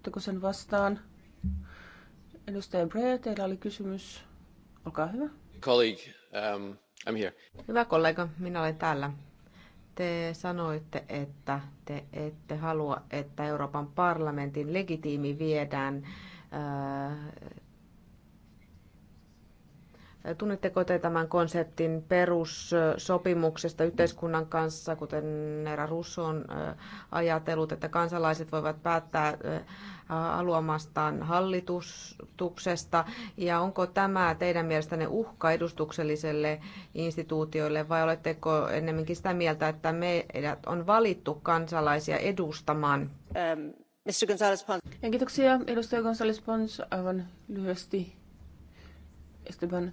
Otatteko sen vastaan? Edustaja Brea, teillä oli kysymys. Olkaa hyvä. Colleague, um, I'm here. Hyvä kollega, minä olen täällä. Te sanoitte, että te ette halua, että Euroopan parlamentin legitiimi viedään äh, Tunnetteko te tämän konseptin perussopimuksesta yhteiskunnan kanssa, kuten Nera Russo on ajatellut, että kansalaiset voivat päättää haluamastaan hallituksesta? Ja onko tämä teidän mielestänne uhka edustukselliselle instituutioille vai oletteko ennemminkin sitä mieltä, että meidät on valittu kansalaisia edustamaan? Ähm, Mr. González Pons. Kiitoksia edustaja gonzalez Pons aivan lyhyesti Esteban,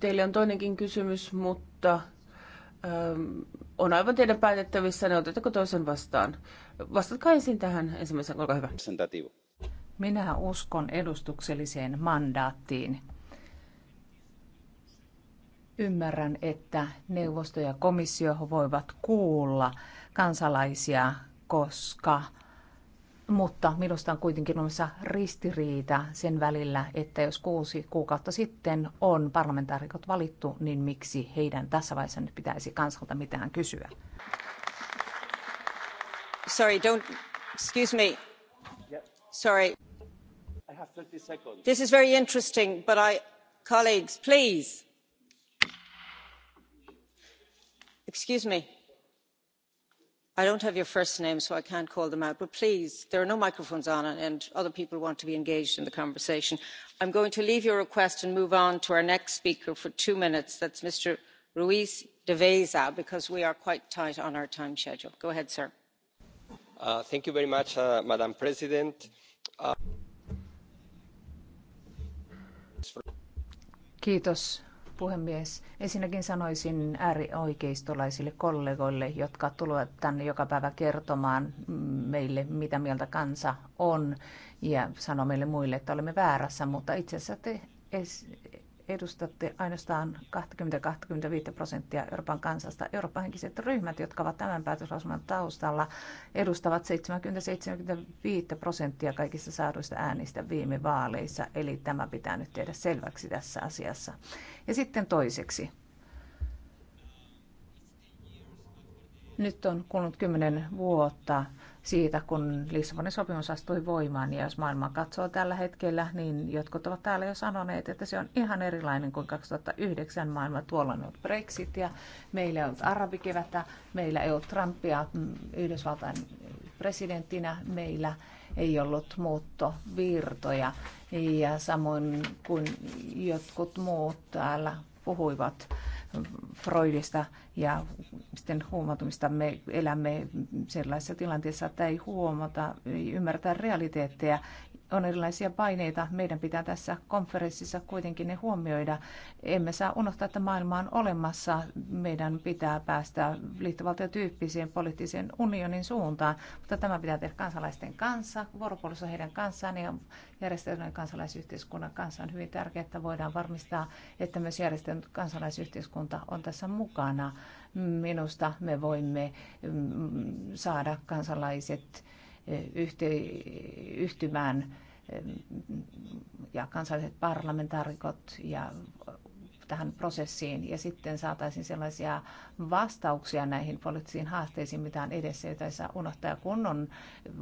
teille on toinenkin kysymys, mutta ähm, on aivan teidän päätettävissä, ne otetteko toisen vastaan. Vastatkaa ensin tähän ensimmäisen, olkaa hyvä. Minä uskon edustukselliseen mandaattiin. Ymmärrän, että neuvosto ja komissio voivat kuulla kansalaisia, koska mutta minusta on kuitenkin olemassa ristiriita sen välillä, että jos kuusi kuukautta sitten on parlamentaarikot valittu, niin miksi heidän tässä vaiheessa nyt pitäisi kansalta mitään kysyä? Sorry, don't, excuse me. Sorry. This is very interesting, but I, colleagues, please. Excuse me i don't have your first name so i can't call them out but please there are no microphones on and other people want to be engaged in the conversation. i'm going to leave your request and move on to our next speaker for two minutes that's mr ruiz de veza because we are quite tight on our time schedule. go ahead sir. Uh, thank you very much uh, madam president. Uh, Kiitos puhemies. Ensinnäkin sanoisin äärioikeistolaisille kollegoille, jotka tulevat tänne joka päivä kertomaan meille, mitä mieltä kansa on ja sanoo meille muille, että olemme väärässä, mutta itse asiassa te edustatte ainoastaan 20-25 prosenttia Euroopan kansasta. Euroopan henkiset ryhmät, jotka ovat tämän päätöslausuman taustalla, edustavat 70-75 prosenttia kaikista saaduista äänistä viime vaaleissa. Eli tämä pitää nyt tehdä selväksi tässä asiassa. Ja sitten toiseksi, Nyt on kulunut kymmenen vuotta siitä, kun Lissabonin sopimus astui voimaan. Ja jos maailma katsoo tällä hetkellä, niin jotkut ovat täällä jo sanoneet, että se on ihan erilainen kuin 2009 maailma. Tuolla on ollut Brexit ja meillä ei ollut arabikevätä, meillä ei ollut Trumpia mm, Yhdysvaltain presidenttinä, meillä ei ollut muuttovirtoja ja samoin kuin jotkut muut täällä puhuivat Freudista ja sitten huomautumista. Me elämme sellaisessa tilanteessa, että ei huomata, ei ymmärtää realiteetteja on erilaisia paineita. Meidän pitää tässä konferenssissa kuitenkin ne huomioida. Emme saa unohtaa, että maailma on olemassa. Meidän pitää päästä liittovaltiotyyppiseen poliittiseen unionin suuntaan, mutta tämä pitää tehdä kansalaisten kanssa, vuoropuolussa heidän kanssaan ja järjestelmän kansalaisyhteiskunnan kanssa on hyvin tärkeää, että voidaan varmistaa, että myös järjestelmän kansalaisyhteiskunta on tässä mukana. Minusta me voimme mm, saada kansalaiset yhtymään ja kansalliset parlamentaarikot ja tähän prosessiin ja sitten saataisiin sellaisia vastauksia näihin poliittisiin haasteisiin, mitä on edessä, joita ei saa unohtaa. kun on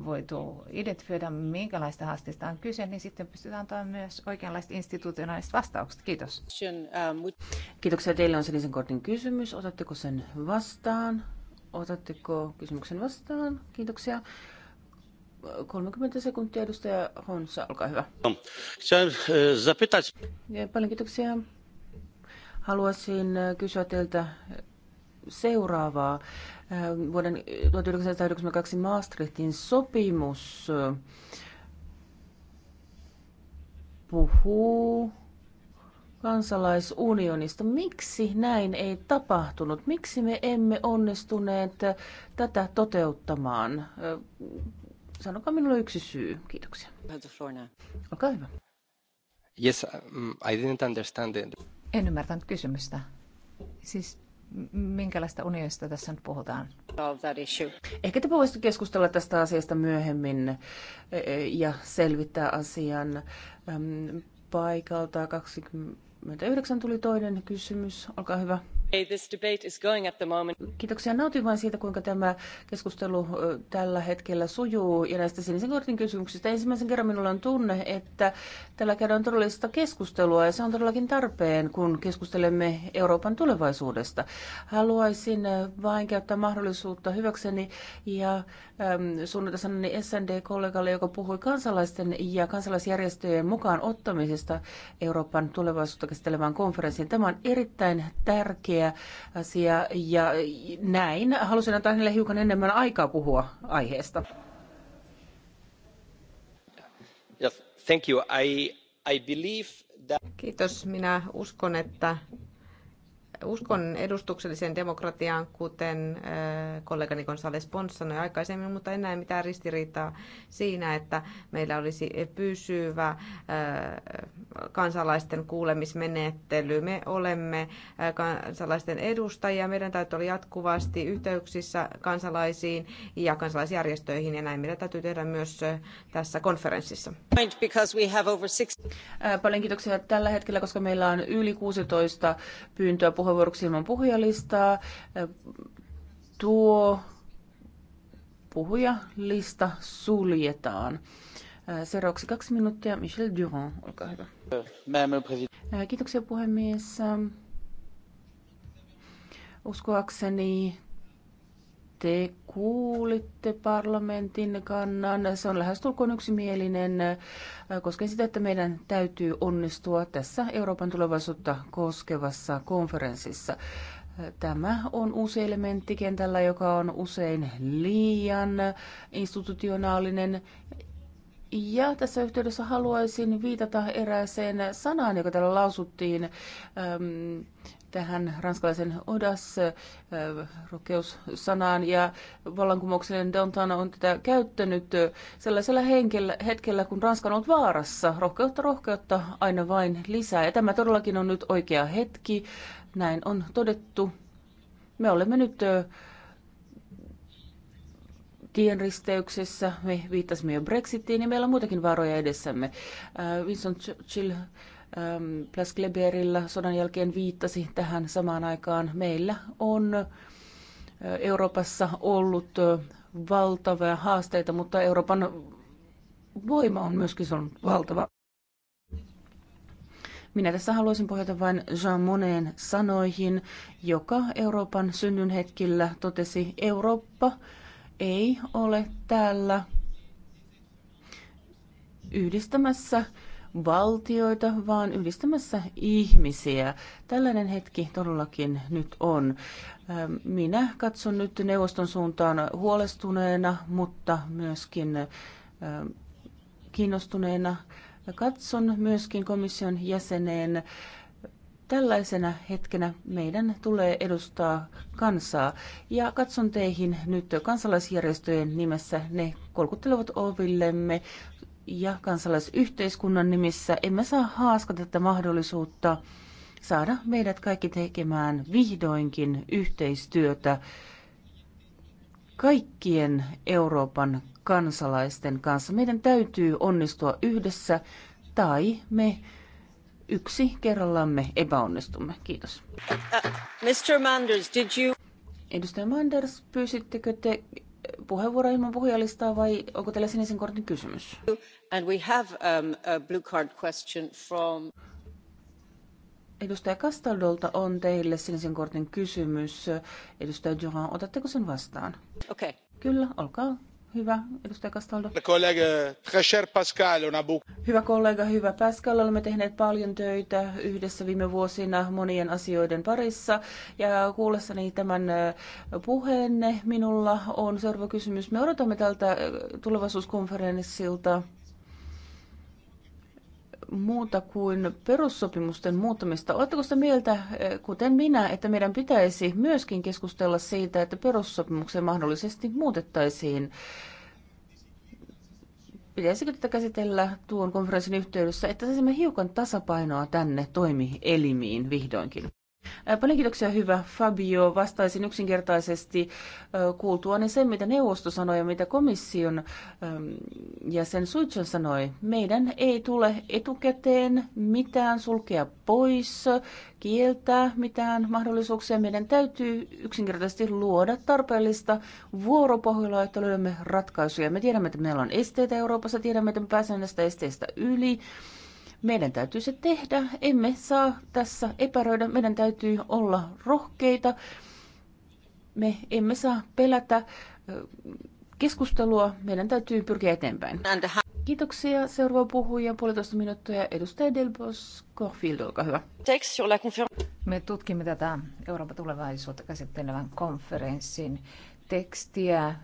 voitu identifioida, minkälaista haasteista on kyse, niin sitten pystytään antamaan myös oikeanlaiset institutionaaliset vastaukset. Kiitos. Kiitoksia. Teille on sinisen kortin kysymys. Otatteko sen vastaan? Otatteko kysymyksen vastaan? Kiitoksia. 30 sekuntia, edustaja Honsa, olkaa hyvä. E, paljon kiitoksia. Haluaisin e, kysyä teiltä seuraavaa. E, vuoden 1992 Maastrichtin sopimus puhuu kansalaisunionista. Miksi näin ei tapahtunut? Miksi me emme onnistuneet tätä toteuttamaan? sanokaa minulle yksi syy. Kiitoksia. Olkaa hyvä. Yes, um, I didn't understand it. En ymmärtänyt kysymystä. Siis minkälaista unionista tässä nyt puhutaan? Ehkä te voisitte keskustella tästä asiasta myöhemmin e, e, ja selvittää asian paikalta. 29 tuli toinen kysymys. Olkaa hyvä. Kiitoksia. Nautin vain siitä, kuinka tämä keskustelu tällä hetkellä sujuu. Ja näistä sinisen kortin kysymyksistä ensimmäisen kerran minulla on tunne, että tällä käydään todellista keskustelua ja se on todellakin tarpeen, kun keskustelemme Euroopan tulevaisuudesta. Haluaisin vain käyttää mahdollisuutta hyväkseni ja äm, suunnata sanani SND-kollegalle, joka puhui kansalaisten ja kansalaisjärjestöjen mukaan ottamisesta Euroopan tulevaisuutta käsittelevään konferenssiin. Tämä on erittäin tärkeä tärkeä asia ja näin halusin antaa hänelle hiukan enemmän aikaa puhua aiheesta. Yes, thank you. I, I believe that... Kiitos. Minä uskon, että uskon edustukselliseen demokratiaan, kuten kollegani Gonzales Pons sanoi aikaisemmin, mutta en näe mitään ristiriitaa siinä, että meillä olisi pysyvä kansalaisten kuulemismenettely. Me olemme kansalaisten edustajia, meidän täytyy olla jatkuvasti yhteyksissä kansalaisiin ja kansalaisjärjestöihin, ja näin meidän täytyy tehdä myös tässä konferenssissa. Paljon kiitoksia tällä hetkellä, koska meillä on yli 16 pyyntöä puhua puheenvuoroksi ilman puhujalistaa. Tuo puhujalista suljetaan. Seuraavaksi kaksi minuuttia. Michel Durand, olkaa hyvä. Kiitoksia puhemies. Uskoakseni te kuulitte parlamentin kannan. Se on lähestulkoon yksimielinen, äh, koskee sitä, että meidän täytyy onnistua tässä Euroopan tulevaisuutta koskevassa konferenssissa. Äh, tämä on uusi elementti kentällä, joka on usein liian institutionaalinen. Ja tässä yhteydessä haluaisin viitata erääseen sanaan, joka täällä lausuttiin. Ähm, tähän ranskalaisen odas rukeussanaan ja vallankumouksellinen Downtown on tätä käyttänyt sellaisella henkellä, hetkellä, kun Ranska on ollut vaarassa. Rohkeutta, rohkeutta aina vain lisää. Ja tämä todellakin on nyt oikea hetki. Näin on todettu. Me olemme nyt tienristeyksessä, me viittasimme jo Brexitiin, niin meillä on muitakin vaaroja edessämme. Vincent Churchill Pläskleberillä ähm, sodan jälkeen viittasi tähän samaan aikaan. Meillä on äh, Euroopassa ollut äh, valtavia haasteita, mutta Euroopan voima on myöskin se on valtava. Minä tässä haluaisin pohjata vain Jean Moneen sanoihin, joka Euroopan synnyn hetkillä totesi, Eurooppa ei ole täällä yhdistämässä valtioita, vaan yhdistämässä ihmisiä. Tällainen hetki todellakin nyt on. Ähm, minä katson nyt neuvoston suuntaan huolestuneena, mutta myöskin ähm, kiinnostuneena. Katson myöskin komission jäseneen. Tällaisena hetkenä meidän tulee edustaa kansaa. Ja katson teihin nyt kansalaisjärjestöjen nimessä. Ne kolkuttelevat ovillemme ja kansalaisyhteiskunnan nimissä emme saa haaskata tätä mahdollisuutta saada meidät kaikki tekemään vihdoinkin yhteistyötä kaikkien Euroopan kansalaisten kanssa. Meidän täytyy onnistua yhdessä tai me yksi kerrallamme epäonnistumme. Kiitos. Uh, Mr. Manders, did you... Edustaja Manders, pyysittekö te puheenvuoro ilman puhujalistaa vai onko teillä sinisen kortin kysymys? And we have um, a blue card question from... Edustaja Castaldolta on teille sinisen kortin kysymys. Edustaja Johan, otatteko sen vastaan? Okei. Okay. Kyllä, olkaa Hyvä, edustaja Castaldo. Hyvä kollega, hyvä Pascal. Olemme tehneet paljon töitä yhdessä viime vuosina monien asioiden parissa. Ja kuullessani tämän puheenne minulla on seuraava kysymys. Me odotamme tältä tulevaisuuskonferenssilta muuta kuin perussopimusten muuttamista. Oletteko sitä mieltä, eh, kuten minä, että meidän pitäisi myöskin keskustella siitä, että perussopimuksen mahdollisesti muutettaisiin? Pitäisikö tätä käsitellä tuon konferenssin yhteydessä, että saisimme hiukan tasapainoa tänne toimielimiin vihdoinkin? Paljon kiitoksia, hyvä Fabio. Vastaisin yksinkertaisesti kuultuani sen, mitä neuvosto sanoi ja mitä komission jäsen Suitsen sanoi. Meidän ei tule etukäteen mitään sulkea pois, kieltää mitään mahdollisuuksia. Meidän täytyy yksinkertaisesti luoda tarpeellista vuoropohjalla, että löydämme ratkaisuja. Me tiedämme, että meillä on esteitä Euroopassa, tiedämme, että me pääsemme näistä esteistä yli. Meidän täytyy se tehdä. Emme saa tässä epäröidä. Meidän täytyy olla rohkeita. Me emme saa pelätä keskustelua. Meidän täytyy pyrkiä eteenpäin. Kiitoksia. Seuraava puhuja puolitoista minuuttia. Edustaja Delbos Corfield, olkaa hyvä. Me tutkimme tätä Euroopan tulevaisuutta käsittelevän konferenssin tekstiä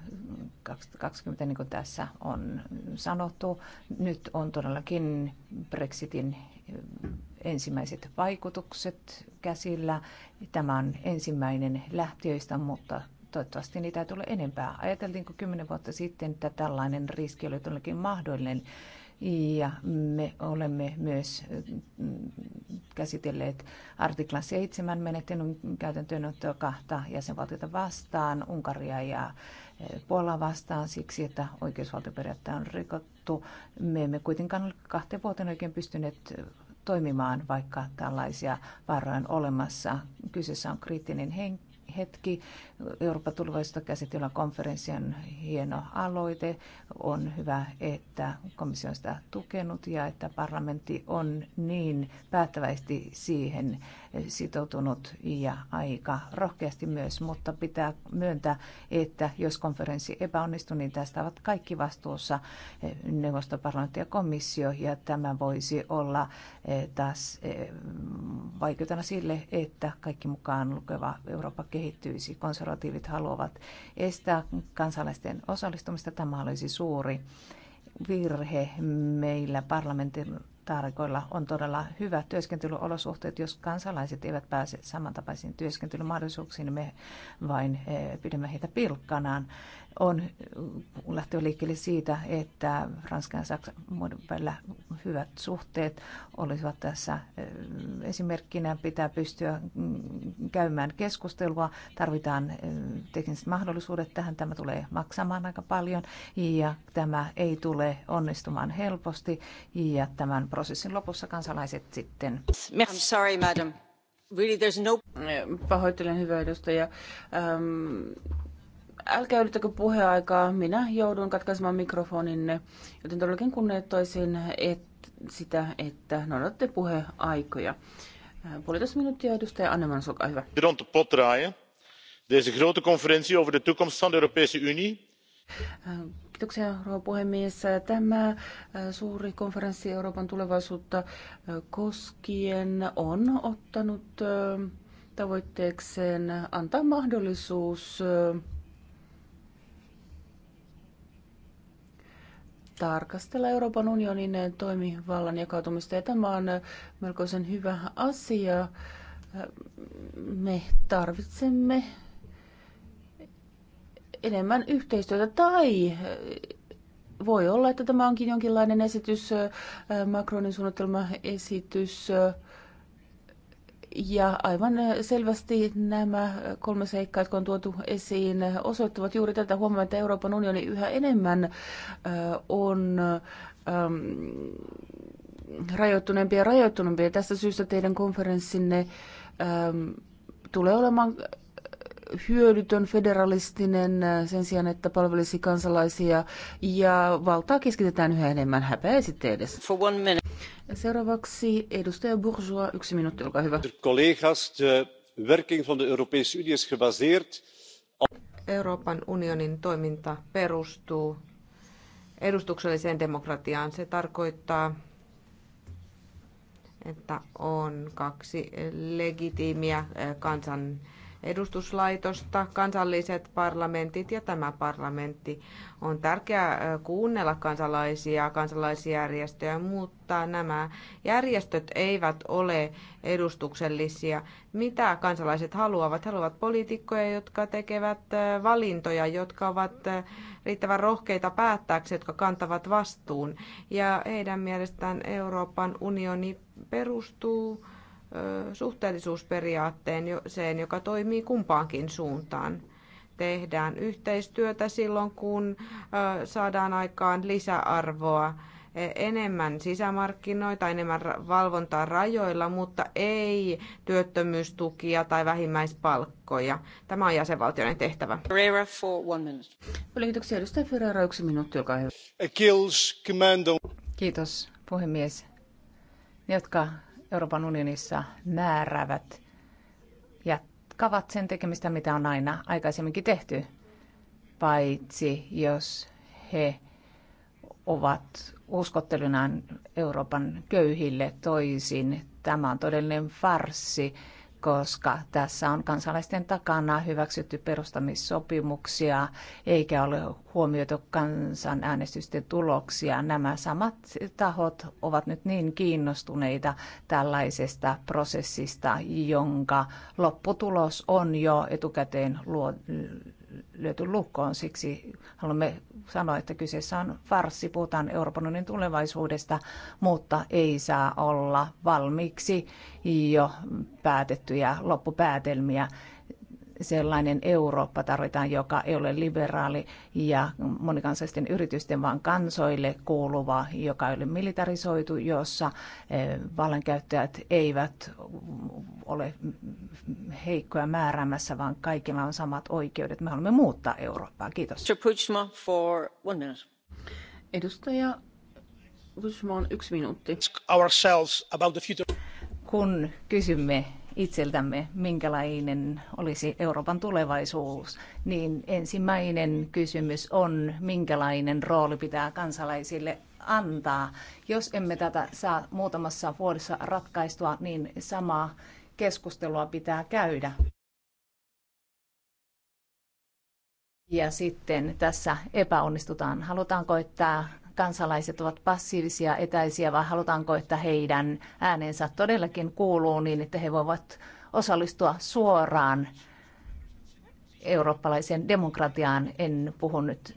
20 niin kuin tässä on sanottu. Nyt on todellakin Brexitin eh, ensimmäiset vaikutukset käsillä. Tämä on ensimmäinen lähtiöistä, mutta toivottavasti niitä ei tule enempää. Ajateltiinko kymmenen vuotta sitten, että tällainen riski oli todellakin mahdollinen ja me olemme myös mm, käsitelleet artiklan 7 menettelyn käytäntöönottoa kahta jäsenvaltiota vastaan, Unkaria ja eh, Puolaa vastaan siksi, että oikeusvaltioperiaatteita on rikottu. Me emme kuitenkaan ole kahteen vuoteen oikein pystyneet toimimaan, vaikka tällaisia varoja on olemassa. Kyseessä on kriittinen hen- hetki. Euroopan tulevaisuutta käsitellä konferenssien hieno aloite. On hyvä, että komissio on sitä tukenut ja että parlamentti on niin päättäväisesti siihen sitoutunut ja aika rohkeasti myös, mutta pitää myöntää, että jos konferenssi epäonnistuu, niin tästä ovat kaikki vastuussa eh, neuvostoparlamentti ja komissio, ja tämä voisi olla eh, taas eh, vaikeutena sille, että kaikki mukaan lukeva Eurooppa kehittyisi. Konservatiivit haluavat estää kansalaisten osallistumista. Tämä olisi suuri virhe meillä parlamentin tarkoilla on todella hyvät työskentelyolosuhteet. Jos kansalaiset eivät pääse samantapaisiin työskentelymahdollisuuksiin, niin me vain eh, pidämme heitä pilkkanaan on lähtenyt liikkeelle siitä, että Ranskan ja Saksan välillä hyvät suhteet olisivat tässä eh, esimerkkinä. Pitää pystyä mm, käymään keskustelua, tarvitaan eh, tekniset mahdollisuudet tähän. Tämä tulee maksamaan aika paljon ja tämä ei tule onnistumaan helposti ja tämän prosessin lopussa kansalaiset sitten. I'm sorry, madam. Really, there's no... Pahoittelen, hyvä edustaja. Um Älkää yrittäkö puheaikaa, minä joudun katkaisemaan mikrofoninne, joten todellakin kunnioittaisin et, sitä, että noudatte puheaikoja. Äh, puolitoista minuuttia, edustaja Anneman, olkaa hyvä. Rond de Deze grote conferentie over de toekomst van de Europese Unie. Äh, kiitoksia, rouva puhemies. Tämä äh, suuri konferenssi Euroopan tulevaisuutta koskien on ottanut tavoitteekseen antaa mahdollisuus tarkastella Euroopan unionin toimivallan jakautumista. Ja tämä on melkoisen hyvä asia. Me tarvitsemme enemmän yhteistyötä tai voi olla, että tämä onkin jonkinlainen esitys, Macronin suunnitelma esitys, ja aivan äh, selvästi nämä kolme seikkaa, jotka on tuotu esiin, äh, osoittavat juuri tätä huomioon, että Euroopan unioni yhä enemmän äh, on ähm, rajoittuneempi ja Ja Tästä syystä teidän konferenssinne ähm, tulee olemaan hyödytön federalistinen äh, sen sijaan, että palvelisi kansalaisia ja valtaa keskitetään yhä enemmän häpeä edes. Seuraavaksi edustaja Bourgeois, yksi minuutti, olkaa hyvä. Collega's, de werking van de Europese Unie is gebaseerd Euroopan unionin toiminta perustuu edustukselliseen demokratiaan. Se tarkoittaa, että on kaksi legitiimiä äh, kansan edustuslaitosta, kansalliset parlamentit ja tämä parlamentti. On tärkeää äh, kuunnella kansalaisia, kansalaisjärjestöjä, mutta nämä järjestöt eivät ole edustuksellisia. Mitä kansalaiset haluavat? He haluavat poliitikkoja, jotka tekevät äh, valintoja, jotka ovat äh, riittävän rohkeita päättääksi, jotka kantavat vastuun. Ja heidän mielestään Euroopan unioni perustuu suhteellisuusperiaatteen, joka toimii kumpaankin suuntaan. Tehdään yhteistyötä silloin, kun saadaan aikaan lisäarvoa e, enemmän sisämarkkinoita, enemmän valvontaa rajoilla, mutta ei työttömyystukia tai vähimmäispalkkoja. Tämä on jäsenvaltioiden tehtävä. kiitoksia. Edustaja yksi minuutti, olkaa hyvä. Kiitos, puhemies. Ne, jotka Euroopan unionissa määräävät, jatkavat sen tekemistä, mitä on aina aikaisemminkin tehty, paitsi jos he ovat uskottelunaan Euroopan köyhille toisin. Tämä on todellinen farsi koska tässä on kansalaisten takana hyväksytty perustamissopimuksia eikä ole huomioitu kansanäänestysten tuloksia. Nämä samat tahot ovat nyt niin kiinnostuneita tällaisesta prosessista, jonka lopputulos on jo etukäteen luo, lyöty lukkoon. Siksi haluamme sanoa, että kyseessä on farsi, puhutaan Euroopan unionin tulevaisuudesta, mutta ei saa olla valmiiksi jo päätettyjä loppupäätelmiä sellainen Eurooppa tarvitaan, joka ei ole liberaali ja monikansallisten yritysten, vaan kansoille kuuluva, joka ei ole militarisoitu, jossa eh, vallankäyttäjät eivät ole heikkoja määräämässä, vaan kaikilla on samat oikeudet. Me haluamme muuttaa Eurooppaa. Kiitos. For one minute. Edustaja Puchmon, yksi minuutti. Kun kysymme itseltämme, minkälainen olisi Euroopan tulevaisuus, niin ensimmäinen kysymys on, minkälainen rooli pitää kansalaisille antaa. Jos emme tätä saa muutamassa vuodessa ratkaistua, niin samaa keskustelua pitää käydä. Ja sitten tässä epäonnistutaan. Halutaanko, että kansalaiset ovat passiivisia, etäisiä, vaan halutaanko, että heidän äänensä todellakin kuuluu niin, että he voivat osallistua suoraan eurooppalaiseen demokratiaan. En puhu nyt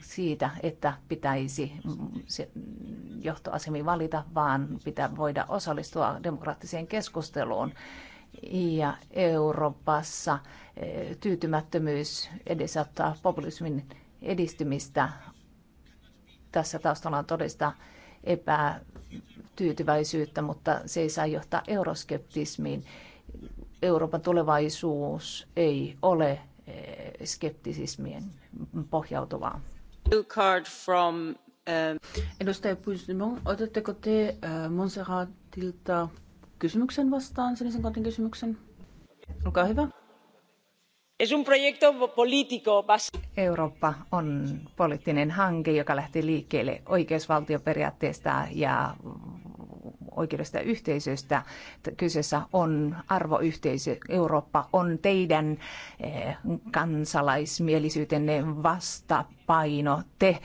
siitä, että pitäisi johtoasemi valita, vaan pitää voida osallistua demokraattiseen keskusteluun. Ja Euroopassa eh, tyytymättömyys edesauttaa populismin edistymistä. Tässä taustalla on todista epätyytyväisyyttä, mutta se ei saa johtaa euroskeptismiin. Euroopan tulevaisuus ei ole eh, skeptisismien pohjautuvaa. Eh, Edustaja Puigdemont, otatteko te eh, Monserratilta kysymyksen vastaan, sinisen kotin kysymyksen? Olkaa hyvä. Eurooppa on poliittinen hanke, joka lähti liikkeelle oikeusvaltioperiaatteesta ja oikeudesta yhteisöstä. Kyseessä on arvoyhteisö. Eurooppa on teidän eh, kansalaismielisyytenne vastapaino. Te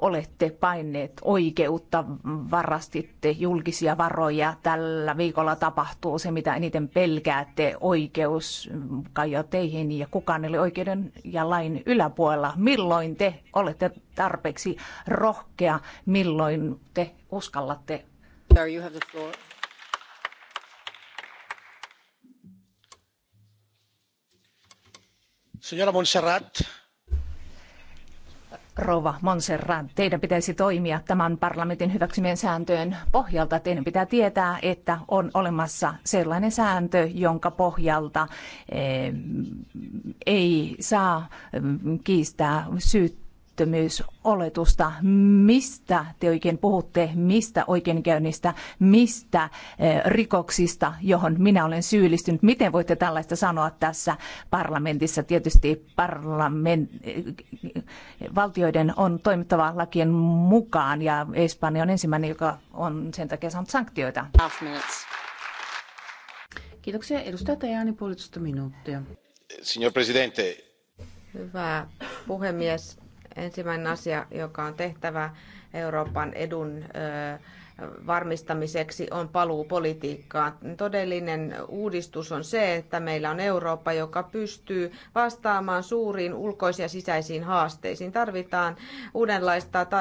olette paineet oikeutta, varastitte julkisia varoja. Tällä viikolla tapahtuu se, mitä eniten pelkäätte, oikeus kajo teihin ja kukaan ei ole oikeuden ja lain yläpuolella. Milloin te olette tarpeeksi rohkea, milloin te uskallatte? Sorry, you have the floor. Señora Montserrat, Rova Monserrat, teidän pitäisi toimia tämän parlamentin hyväksymien sääntöjen pohjalta. Teidän pitää tietää, että on olemassa sellainen sääntö, jonka pohjalta eh, ei saa mm, kiistää syyttä syyttömyysoletusta. Mistä te oikein puhutte? Mistä oikeinkäynnistä? Mistä eh, rikoksista, johon minä olen syyllistynyt? Miten voitte tällaista sanoa tässä parlamentissa? Tietysti parlament... Eh, valtioiden on toimittava lakien mukaan ja Espanja on ensimmäinen, joka on sen takia saanut sanktioita. Kiitoksia. Edustaja Tajani, puolitoista minuuttia. Signor Presidente. Hyvä puhemies ensimmäinen asia, joka on tehtävä Euroopan edun varmistamiseksi on paluu politiikkaan. Todellinen uudistus on se, että meillä on Eurooppa, joka pystyy vastaamaan suuriin ulkoisiin ja sisäisiin haasteisiin. Tarvitaan uudenlaista ta-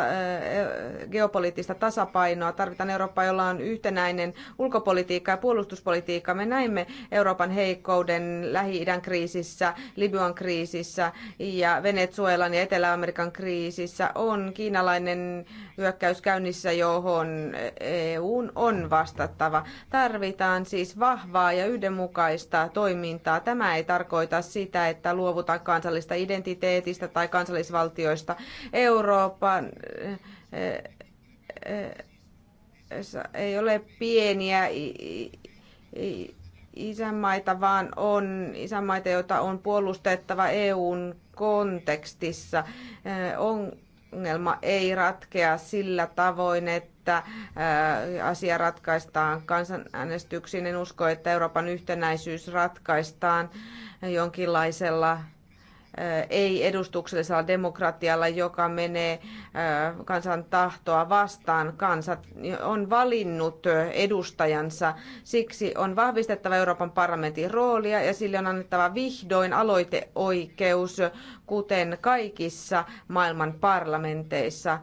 geopoliittista tasapainoa, tarvitaan Eurooppa, jolla on yhtenäinen ulkopolitiikka ja puolustuspolitiikka. Me näimme Euroopan heikkouden Lähi-idän kriisissä, Libyan kriisissä ja Venezuelan ja Etelä-Amerikan kriisissä. On kiinalainen hyökkäys käynnissä, johon E EUn on vastattava. Tarvitaan siis vahvaa ja yhdenmukaista toimintaa. Tämä ei tarkoita sitä, että luovutaan kansallista identiteetistä tai kansallisvaltioista. Euroopan e, e, ei ole pieniä isänmaita, vaan on isänmaita, joita on puolustettava EUn kontekstissa. On ongelma ei ratkea sillä tavoin, että asia ratkaistaan kansanäänestyksiin. En usko, että Euroopan yhtenäisyys ratkaistaan jonkinlaisella ei-edustuksellisella demokratialla, joka menee kansan tahtoa vastaan. Kansa on valinnut edustajansa. Siksi on vahvistettava Euroopan parlamentin roolia ja sille on annettava vihdoin aloiteoikeus, kuten kaikissa maailman parlamenteissa.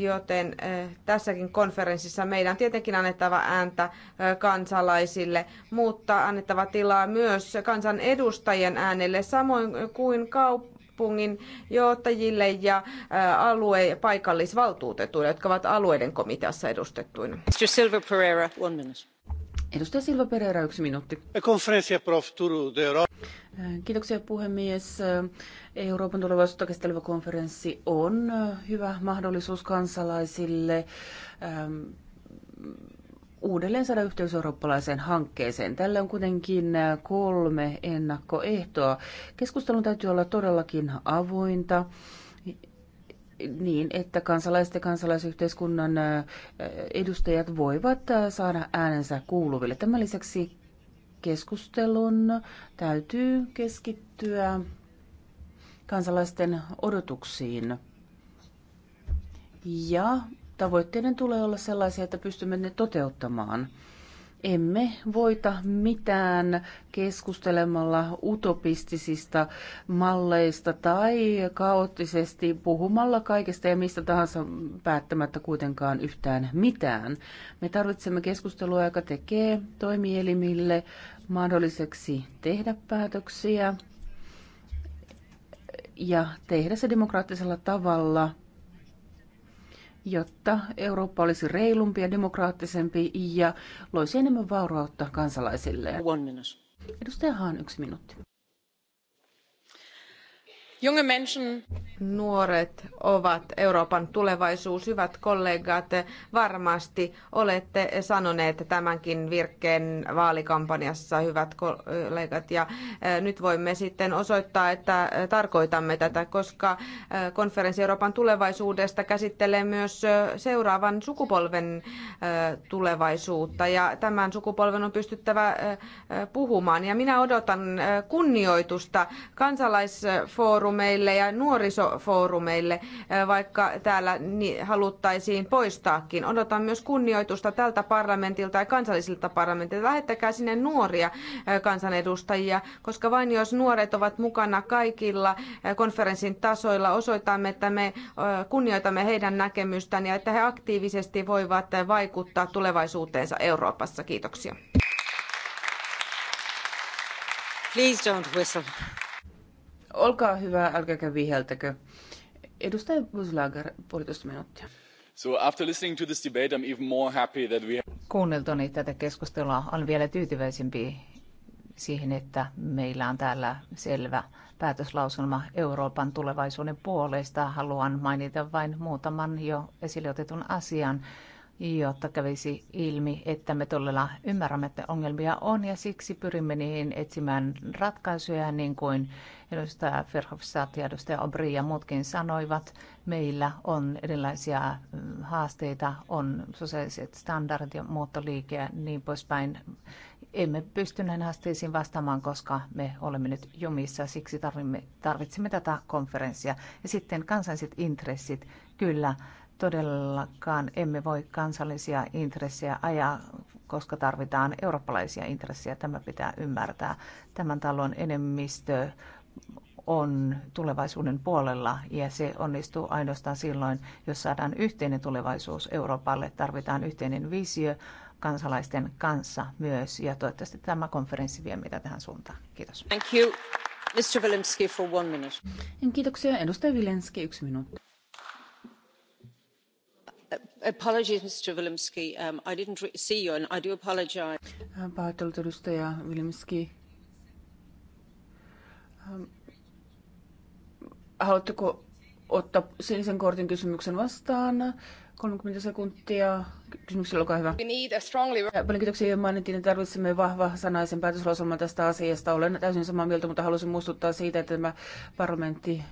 Joten eh, tässäkin konferenssissa meidän on tietenkin annettava ääntä eh, kansalaisille, mutta annettava tilaa myös kansan edustajien äänelle, samoin kuin kaupungin johtajille ja eh, alue- ja paikallisvaltuutetuille, jotka ovat alueiden komiteassa edustettuina. Mr. Silva Pereira, one minute. Edustaja Silva Pereira, yksi minuutti. Kiitoksia puhemies. Euroopan tulevaisuutta käsittelevä konferenssi on hyvä mahdollisuus kansalaisille ähm, uudelleen saada yhteys eurooppalaiseen hankkeeseen. Tälle on kuitenkin kolme ennakkoehtoa. Keskustelun täytyy olla todellakin avointa niin, että kansalaiset ja kansalaisyhteiskunnan edustajat voivat saada äänensä kuuluville. Tämän lisäksi keskustelun täytyy keskittyä kansalaisten odotuksiin. Ja tavoitteiden tulee olla sellaisia, että pystymme ne toteuttamaan emme voita mitään keskustelemalla utopistisista malleista tai kaoottisesti puhumalla kaikesta ja mistä tahansa päättämättä kuitenkaan yhtään mitään. Me tarvitsemme keskustelua, joka tekee toimielimille mahdolliseksi tehdä päätöksiä ja tehdä se demokraattisella tavalla – jotta Eurooppa olisi reilumpi ja demokraattisempi ja loisi enemmän vaurautta kansalaisille. Edustaja Haan, yksi minuutti. Nuoret ovat Euroopan tulevaisuus. Hyvät kollegat, varmasti olette sanoneet tämänkin virkkeen vaalikampanjassa, hyvät kollegat. Ja e, nyt voimme sitten osoittaa, että tarkoitamme tätä, koska e, konferenssi Euroopan tulevaisuudesta käsittelee myös e, seuraavan sukupolven tulevaisuutta. Ja tämän sukupolven on pystyttävä puhumaan. Ja minä odotan kunnioitusta kansalaisfoorumilta foorumeille ja nuorisofoorumeille, vaikka täällä haluttaisiin poistaakin. Odotan myös kunnioitusta tältä parlamentilta ja kansallisilta parlamentilta. Lähettäkää sinne nuoria kansanedustajia, koska vain jos nuoret ovat mukana kaikilla konferenssin tasoilla, osoitamme, että me kunnioitamme heidän näkemystään ja että he aktiivisesti voivat vaikuttaa tulevaisuuteensa Euroopassa. Kiitoksia. Please don't whistle. Olkaa hyvä, älkääkä viheltäkö. Edustaja Buslager, puolitoista minuuttia. So after listening to this debate, I'm even more happy that we... Kuunneltoni tätä keskustelua on vielä tyytyväisempi siihen, että meillä on täällä selvä päätöslauselma Euroopan tulevaisuuden puolesta. Haluan mainita vain muutaman jo esille otetun asian jotta kävisi ilmi, että me todella ymmärrämme, että ongelmia on ja siksi pyrimme niihin etsimään ratkaisuja, niin kuin edustaja Verhofstadt ja edustaja Obri ja muutkin sanoivat. Meillä on erilaisia mm, haasteita, on sosiaaliset standardit ja muuttoliike ja niin poispäin. Emme pysty näihin haasteisiin vastaamaan, koska me olemme nyt jumissa, siksi tarvitsemme, tarvitsemme tätä konferenssia. Ja sitten kansalliset intressit, kyllä todellakaan emme voi kansallisia intressejä ajaa, koska tarvitaan eurooppalaisia intressejä. Tämä pitää ymmärtää. Tämän talon enemmistö on tulevaisuuden puolella ja se onnistuu ainoastaan silloin, jos saadaan yhteinen tulevaisuus Euroopalle. Tarvitaan yhteinen visio kansalaisten kanssa myös ja toivottavasti tämä konferenssi vie meitä tähän suuntaan. Kiitos. Thank you. Mr. Vilimski for one minute. Kiitoksia. Edustaja Vilenski, yksi minuutti. Uh, apologies, Pahoittelut edustaja vilimsky. Um, haluatteko ottaa sinisen kortin kysymyksen vastaan? 30 sekuntia. Kysymyksellä, olkaa hyvä. Paljon kiitoksia jo mainittiin, että tarvitsemme vahva sanaisen päätöslauselman tästä asiasta. Olen täysin samaa mieltä, mutta halusin muistuttaa siitä, että tämä parlamentti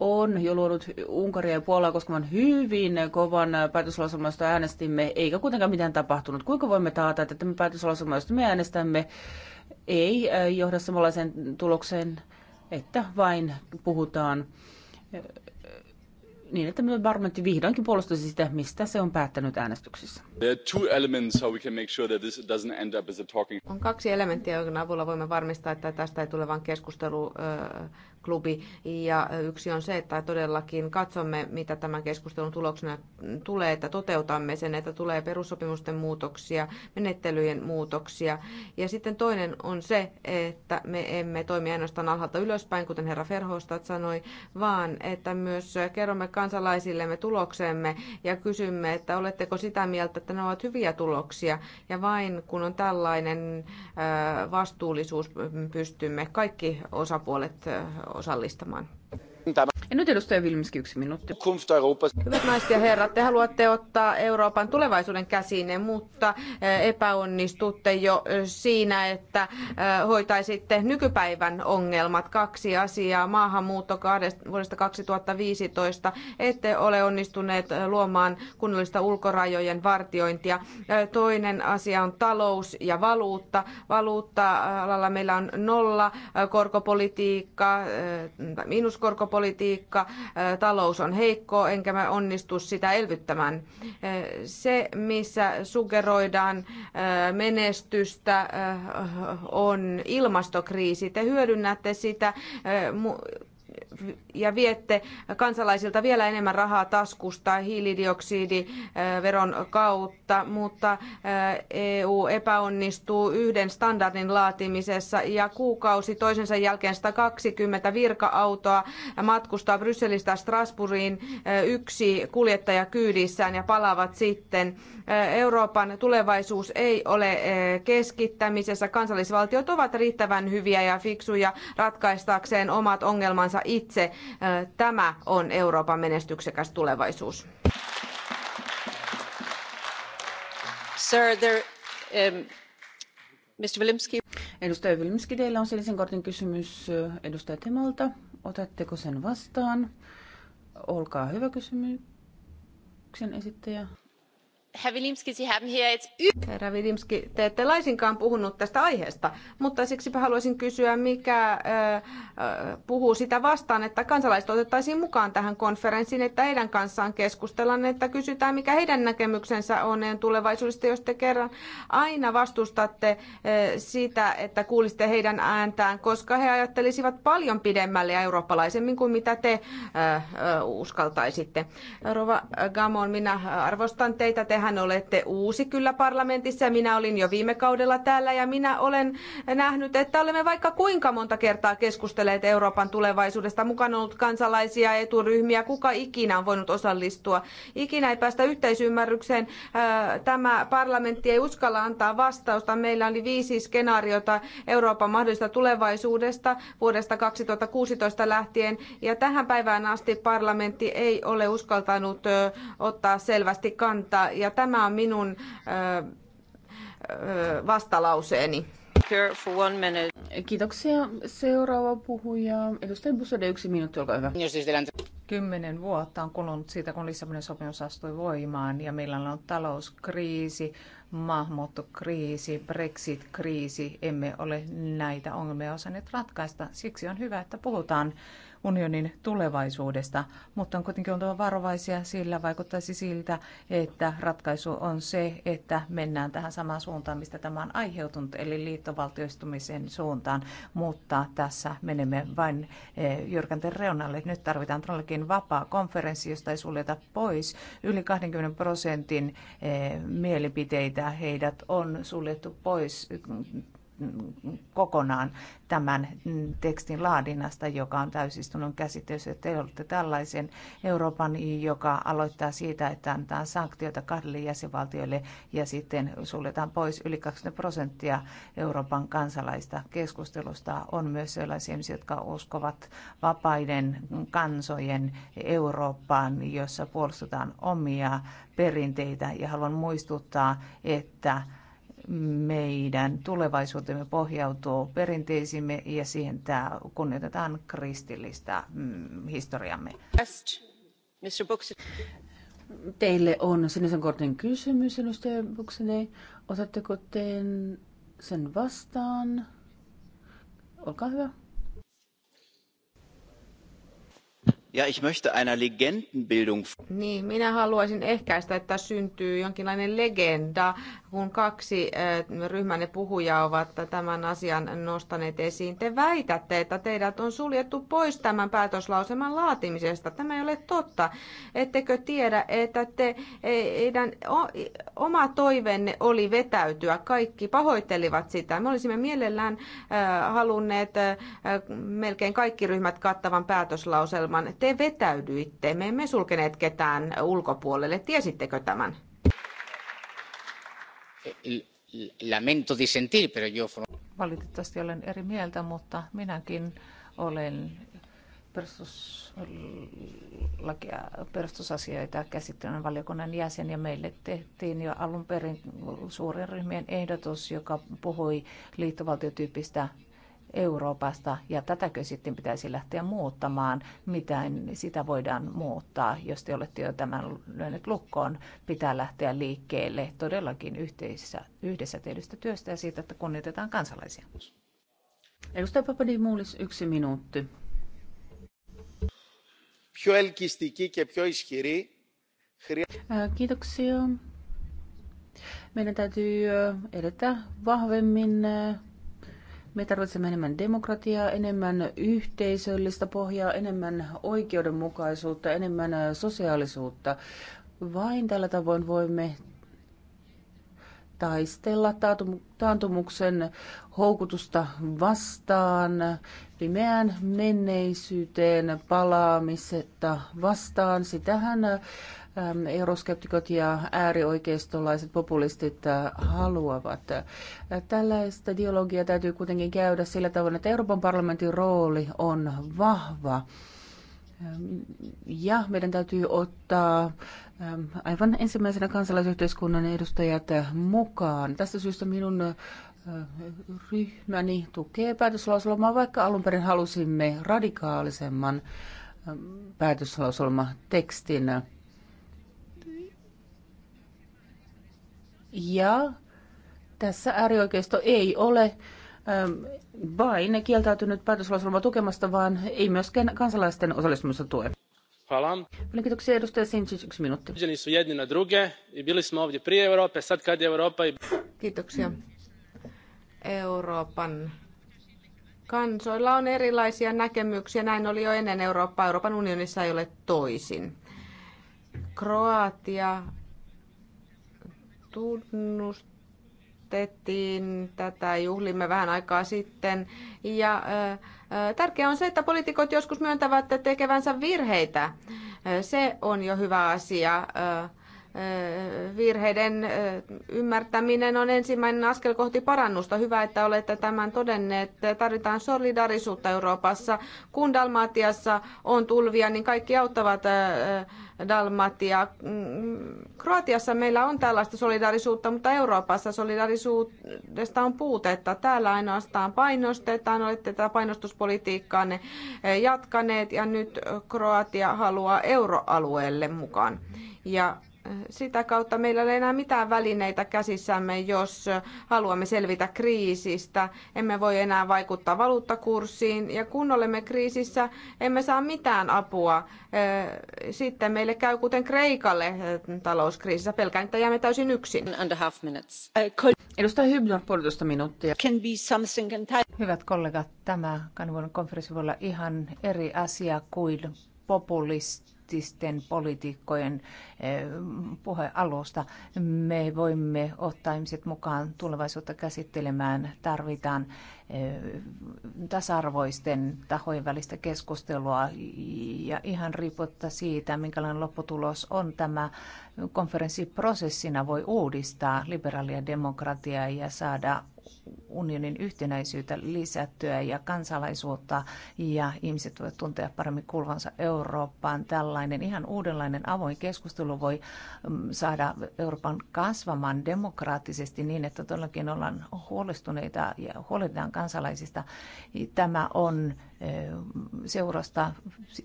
on jo luonut Unkaria ja Puolaa koskevan hyvin kovan päätöslauselman, äänestimme, eikä kuitenkaan mitään tapahtunut. Kuinka voimme taata, että tämä päätöslauselma, josta me äänestämme, ei äh, johda samanlaiseen tulokseen, että vain puhutaan äh, niin, että me parlamentti vihdoinkin puolustaisi sitä, mistä se on päättänyt äänestyksissä. On kaksi elementtiä, joiden avulla voimme varmistaa, että tästä ei tule vain keskustelu äh, klubi. Ja yksi on se, että todellakin katsomme, mitä tämän keskustelun tuloksena tulee, että toteutamme sen, että tulee perussopimusten muutoksia, menettelyjen muutoksia. Ja sitten toinen on se, että me emme toimi ainoastaan alhaalta ylöspäin, kuten herra Ferhostat sanoi, vaan että myös kerromme kansalaisillemme tuloksemme ja kysymme, että oletteko sitä mieltä, että ne ovat hyviä tuloksia. Ja vain kun on tällainen vastuullisuus, pystymme kaikki osapuolet osallistamaan. Ja nyt edustaja Vilmiski yksi minuutti. Hyvät naiset ja herrat, te haluatte ottaa Euroopan tulevaisuuden käsiin, mutta eh, epäonnistutte jo eh, siinä, että eh, hoitaisitte nykypäivän ongelmat. Kaksi asiaa, maahanmuutto vuodesta 2015. Ette ole onnistuneet luomaan kunnollista ulkorajojen vartiointia. Toinen asia on talous ja valuutta. Valuutta-alalla meillä on nolla korkopolitiikka, miinuskorkopolitiikka, vaikka talous on heikko, enkä mä onnistu sitä elvyttämään. Se, missä sugeroidaan menestystä, on ilmastokriisi. Te hyödynnätte sitä ja viette kansalaisilta vielä enemmän rahaa taskusta hiilidioksidiveron kautta, mutta EU eh, e epäonnistuu yhden standardin laatimisessa ja kuukausi toisensa jälkeen 120 virka-autoa matkustaa Brysselistä Strasbourgiin eh, yksi kuljettaja kyydissään ja palaavat sitten. Eh, Euroopan tulevaisuus ei ole keskittämisessä. Kansallisvaltiot ovat riittävän hyviä ja fiksuja ratkaistakseen omat ongelmansa itse. Tämä on Euroopan menestyksekäs tulevaisuus. Sir, there, um, Mr. Wilimski. Edustaja Wilimski, teillä on sinisen kortin kysymys edustaja Temalta. Otatteko sen vastaan? Olkaa hyvä kysymyksen esittäjä. Herr Wilimski, Sie haben hier jetzt... Herra Wilimski, te ette laisinkaan puhunut tästä aiheesta, mutta siksipä haluaisin kysyä, mikä äh, puhuu sitä vastaan, että kansalaiset otettaisiin mukaan tähän konferenssiin, että heidän kanssaan keskustellaan, että kysytään, mikä heidän näkemyksensä on tulevaisuudesta, jos te kerran aina vastustatte äh, sitä, että kuulisitte heidän ääntään, koska he ajattelisivat paljon pidemmälle ja eurooppalaisemmin kuin mitä te äh, äh, uskaltaisitte. Rova Gamon, minä arvostan teitä, te tehän olette uusi kyllä parlamentissa ja minä olin jo viime kaudella täällä ja minä olen nähnyt, että olemme vaikka kuinka monta kertaa keskustelleet Euroopan tulevaisuudesta. Mukana on ollut kansalaisia, eturyhmiä, kuka ikinä on voinut osallistua. Ikinä ei päästä yhteisymmärrykseen. Äh, tämä parlamentti ei uskalla antaa vastausta. Meillä oli viisi skenaariota Euroopan mahdollisesta tulevaisuudesta vuodesta 2016 lähtien ja tähän päivään asti parlamentti ei ole uskaltanut ottaa selvästi kantaa ja tämä on minun vastalauseeni. Kiitoksia. Seuraava puhuja, edustaja Bussode, yksi minuutti, olkaa hyvä. Siis Kymmenen vuotta on kulunut siitä, kun Lissabonin sopimus astui voimaan ja meillä on talouskriisi, maahanmuuttokriisi, Brexit-kriisi. Emme ole näitä ongelmia osanneet ratkaista. Siksi on hyvä, että puhutaan unionin tulevaisuudesta, mutta on kuitenkin oltava varovaisia, sillä vaikuttaisi siltä, että ratkaisu on se, että mennään tähän samaan suuntaan, mistä tämä on aiheutunut, eli liittovaltioistumisen suuntaan, mutta tässä menemme vain eh, jyrkänten reunalle. Nyt tarvitaan todellakin vapaa konferenssi, josta ei suljeta pois yli 20 prosentin eh, mielipiteitä. Heidät on suljettu pois kokonaan tämän tekstin laadinnasta, joka on täysistunnon käsittelyssä. Te olette tällaisen Euroopan, joka aloittaa siitä, että antaa sanktioita kahdelle jäsenvaltiolle ja sitten suljetaan pois yli 20 prosenttia Euroopan kansalaista keskustelusta. On myös sellaisia ihmisiä, jotka uskovat vapaiden kansojen Eurooppaan, jossa puolustetaan omia perinteitä ja haluan muistuttaa, että meidän tulevaisuutemme pohjautuu perinteisimme ja siihen tämä kunnioitetaan kristillistä mm, historiamme. Teille on sinisen kortin kysymys, edustaja Buksene. Otatteko te sen vastaan? Olkaa hyvä. Ja ich möchte einer Legendenbildung. Niin, minä haluaisin ehkäistä, että syntyy jonkinlainen legenda kun kaksi eh, ryhmänne puhujaa ovat tämän asian nostaneet esiin, te väitätte, että teidät on suljettu pois tämän päätöslauseman laatimisesta. Tämä ei ole totta. Ettekö tiedä, että te, eh, teidän oma toiveenne oli vetäytyä. Kaikki pahoittelivat sitä. Me olisimme mielellään eh, halunneet melkein kaikki ryhmät kattavan päätöslauselman. Te vetäydyitte. Me emme sulkeneet ketään ulkopuolelle. Tiesittekö tämän? Lamento disentir, pero yo... Valitettavasti olen eri mieltä, mutta minäkin olen perustuslakia, perustusasioita käsittelevän valiokunnan jäsen ja meille tehtiin jo alun perin suuren ryhmien ehdotus, joka puhui liittovaltiotyypistä. Euroopasta ja tätäkö sitten pitäisi lähteä muuttamaan, mitä sitä voidaan muuttaa, jos te olette jo tämän lyöneet lukkoon, pitää lähteä liikkeelle todellakin yhteisessä, yhdessä tehdystä työstä ja siitä, että kunnioitetaan kansalaisia. Edustaja muulis yksi minuutti. Πιο ελκυστική και πιο ισχυρή. Kiitoksia. Meidän täytyy edetä vahvemmin me tarvitsemme enemmän demokratiaa, enemmän yhteisöllistä pohjaa, enemmän oikeudenmukaisuutta, enemmän sosiaalisuutta. Vain tällä tavoin voimme taistella taantumuksen houkutusta vastaan, pimeään menneisyyteen palaamisetta vastaan. Sitähän Ähm, euroskeptikot ja äärioikeistolaiset populistit äh, haluavat. Äh, tällaista dialogia täytyy kuitenkin käydä sillä tavoin, että Euroopan parlamentin rooli on vahva. Ähm, ja meidän täytyy ottaa ähm, aivan ensimmäisenä kansalaisyhteiskunnan edustajat äh, mukaan. Tästä syystä minun ryhmäni tukee päätöslauselmaa, vaikka alun perin halusimme radikaalisemman päätöslauselmatekstin tekstin Ja tässä äärioikeisto ei ole ähm, vain kieltäytynyt päätöslauselmaa tukemasta, vaan ei myöskään kansalaisten osallistumista tue. Hvala. Paljon kiitoksia edustaja Sinčić, yksi minuutti. Kiitoksia. Euroopan kansoilla on erilaisia näkemyksiä. Näin oli jo ennen Eurooppaa. Euroopan unionissa ei ole toisin. Kroatia tunnustettiin tätä, juhlimme vähän aikaa sitten. Ja tärkeää on se, että poliitikot joskus myöntävät tekevänsä virheitä. Se on jo hyvä asia virheiden ymmärtäminen on ensimmäinen askel kohti parannusta. Hyvä, että olette tämän todenneet. Tarvitaan solidarisuutta Euroopassa. Kun Dalmatiassa on tulvia, niin kaikki auttavat Dalmatia. Mm, Kroatiassa meillä on tällaista solidarisuutta, mutta Euroopassa solidarisuudesta on puutetta. Täällä ainoastaan painostetaan, olette tätä painostuspolitiikkaanne jatkaneet ja nyt Kroatia haluaa euroalueelle mukaan. Ja sitä kautta meillä ei ole enää mitään välineitä käsissämme, jos haluamme selvitä kriisistä. Emme voi enää vaikuttaa valuuttakurssiin ja kun olemme kriisissä, emme saa mitään apua. Sitten meille käy kuten Kreikalle talouskriisissä. Pelkään, että jäämme täysin yksin. And a half minutes. Edustaja Hybner, puolitoista minuuttia. Can be something entirely. Hyvät kollegat, tämä kanvon konferenssi voi olla ihan eri asia kuin populist poliittisten poliitikkojen eh, puhealusta. Me voimme ottaa ihmiset mukaan tulevaisuutta käsittelemään. Tarvitaan eh, tasa-arvoisten tahojen välistä keskustelua ja ihan riippuutta siitä, minkälainen lopputulos on tämä konferenssiprosessina prosessina voi uudistaa liberaalia demokratiaa ja saada unionin yhtenäisyyttä lisättyä ja kansalaisuutta ja ihmiset voivat tuntea paremmin kulvansa Eurooppaan. Tällainen ihan uudenlainen avoin keskustelu voi mm, saada Euroopan kasvamaan demokraattisesti niin, että todellakin ollaan huolestuneita ja huolehditaan kansalaisista. Tämä on eh, seurasta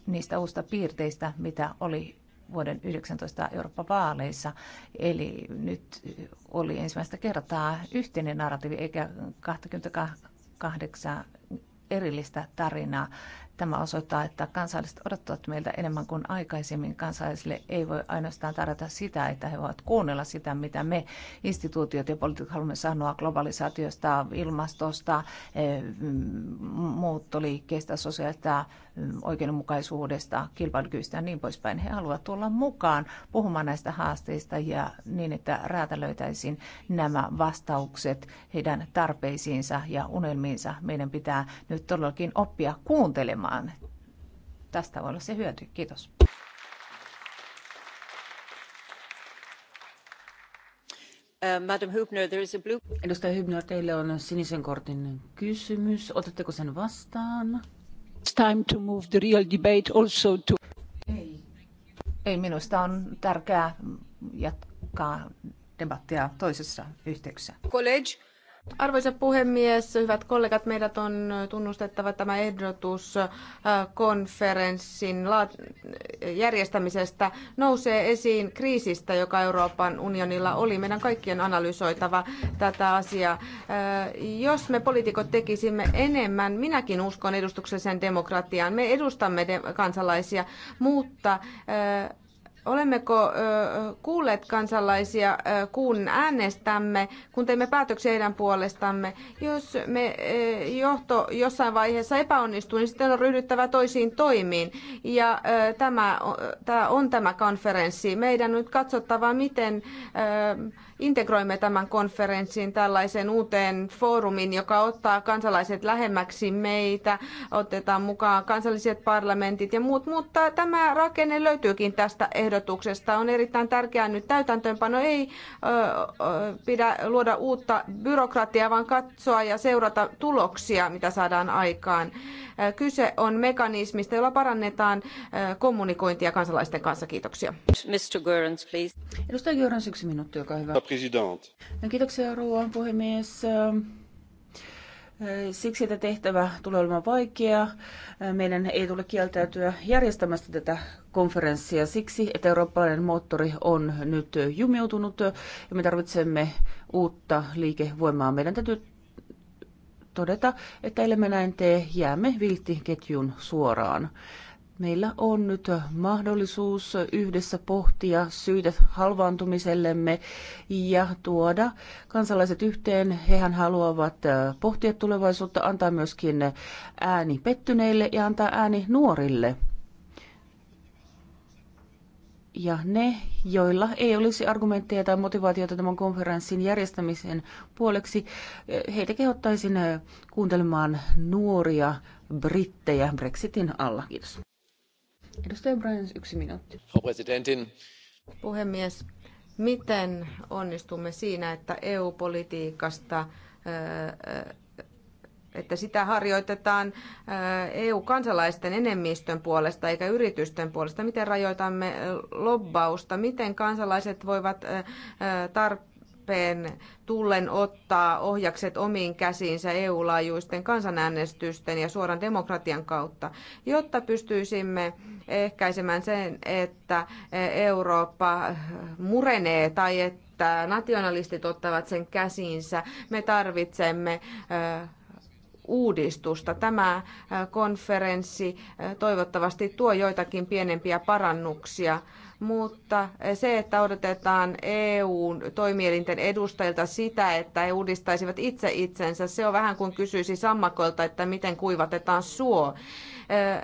niistä uusista piirteistä, mitä oli vuoden 19 Eurooppa-vaaleissa. Eli nyt oli ensimmäistä kertaa yhteinen narratiivi, eikä 28 erillistä tarinaa. Tämä osoittaa, että kansalaiset odottavat meiltä enemmän kuin aikaisemmin. Kansalaisille ei voi ainoastaan tarjota sitä, että he voivat kuunnella sitä, mitä me instituutiot ja poliitikot haluamme sanoa globalisaatiosta, ilmastosta, eh, mm, muuttoliikkeestä, sosiaalista mm, oikeudenmukaisuudesta, kilpailukyvystä ja niin poispäin. He haluavat tulla mukaan puhumaan näistä haasteista ja niin, että räätälöitäisiin nämä vastaukset heidän tarpeisiinsa ja unelmiinsa. Meidän pitää nyt todellakin oppia kuuntelemaan jakamaan. Tästä voi olla se hyöty. Kiitos. Uh, Madam Hübner, there is a blue... Edustaja Hübner, teille on sinisen kortin kysymys. Otatteko sen vastaan? It's time to move the real debate also to... Ei. Ei, minusta on tärkeää jatkaa debattia toisessa yhteyksessä. College. Arvoisa puhemies, hyvät kollegat, meidät on tunnustettava tämä ehdotus äh, konferenssin järjestämisestä nousee esiin kriisistä, joka Euroopan unionilla oli. Meidän kaikkien analysoitava tätä asiaa. Äh, jos me poliitikot tekisimme enemmän, minäkin uskon edustukselliseen demokratiaan. Me edustamme kansalaisia, mutta äh, Olemmeko kuulleet kansalaisia, kun äänestämme, kun teemme päätöksiä heidän puolestamme? Jos me johto jossain vaiheessa epäonnistuu, niin sitten on ryhdyttävä toisiin toimiin. Ja tämä, tämä on tämä konferenssi. Meidän on nyt katsottava, miten integroimme tämän konferenssin tällaiseen uuteen foorumiin, joka ottaa kansalaiset lähemmäksi meitä, otetaan mukaan kansalliset parlamentit ja muut, mutta tämä rakenne löytyykin tästä ehdotuksesta. On erittäin tärkeää nyt täytäntöönpano ei pidä luoda uutta byrokratiaa, vaan katsoa ja seurata tuloksia, mitä saadaan aikaan. Kyse on mekanismista, jolla parannetaan kommunikointia kansalaisten kanssa. Kiitoksia. Mr. Görans, please. Edustaja Görans, yksi minuutti, joka hyvä. No, President. No, kiitoksia, rouva puhemies. Äh, siksi, että tehtävä tulee olemaan vaikea. Äh, meidän ei tule kieltäytyä järjestämästä tätä konferenssia siksi, että eurooppalainen moottori on nyt jumiutunut ja me tarvitsemme uutta liikevoimaa. Meidän täytyy todeta, että ellei me näin tee, jäämme viltiketjun suoraan. Meillä on nyt mahdollisuus yhdessä pohtia syitä halvaantumisellemme ja tuoda kansalaiset yhteen. Hehän haluavat pohtia tulevaisuutta, antaa myöskin ääni pettyneille ja antaa ääni nuorille. Ja ne, joilla ei olisi argumentteja tai motivaatiota tämän konferenssin järjestämisen puoleksi, heitä kehottaisin kuuntelemaan nuoria brittejä Brexitin alla. Kiitos. Edustaja Brian, yksi minuutti. Puhemies, miten onnistumme siinä, että EU-politiikasta että sitä harjoitetaan EU-kansalaisten enemmistön puolesta eikä yritysten puolesta. Miten rajoitamme lobbausta? Miten kansalaiset voivat tarkkaan tarpeen tullen ottaa ohjakset omiin käsiinsä EU-laajuisten kansanäänestysten ja suoran demokratian kautta, jotta pystyisimme ehkäisemään sen, että Eurooppa murenee tai että nationalistit ottavat sen käsiinsä. Me tarvitsemme uudistusta. Tämä konferenssi toivottavasti tuo joitakin pienempiä parannuksia mutta se, että odotetaan EU-toimielinten edustajilta sitä, että he uudistaisivat itse itsensä, se on vähän kuin kysyisi sammakolta, että miten kuivatetaan suo.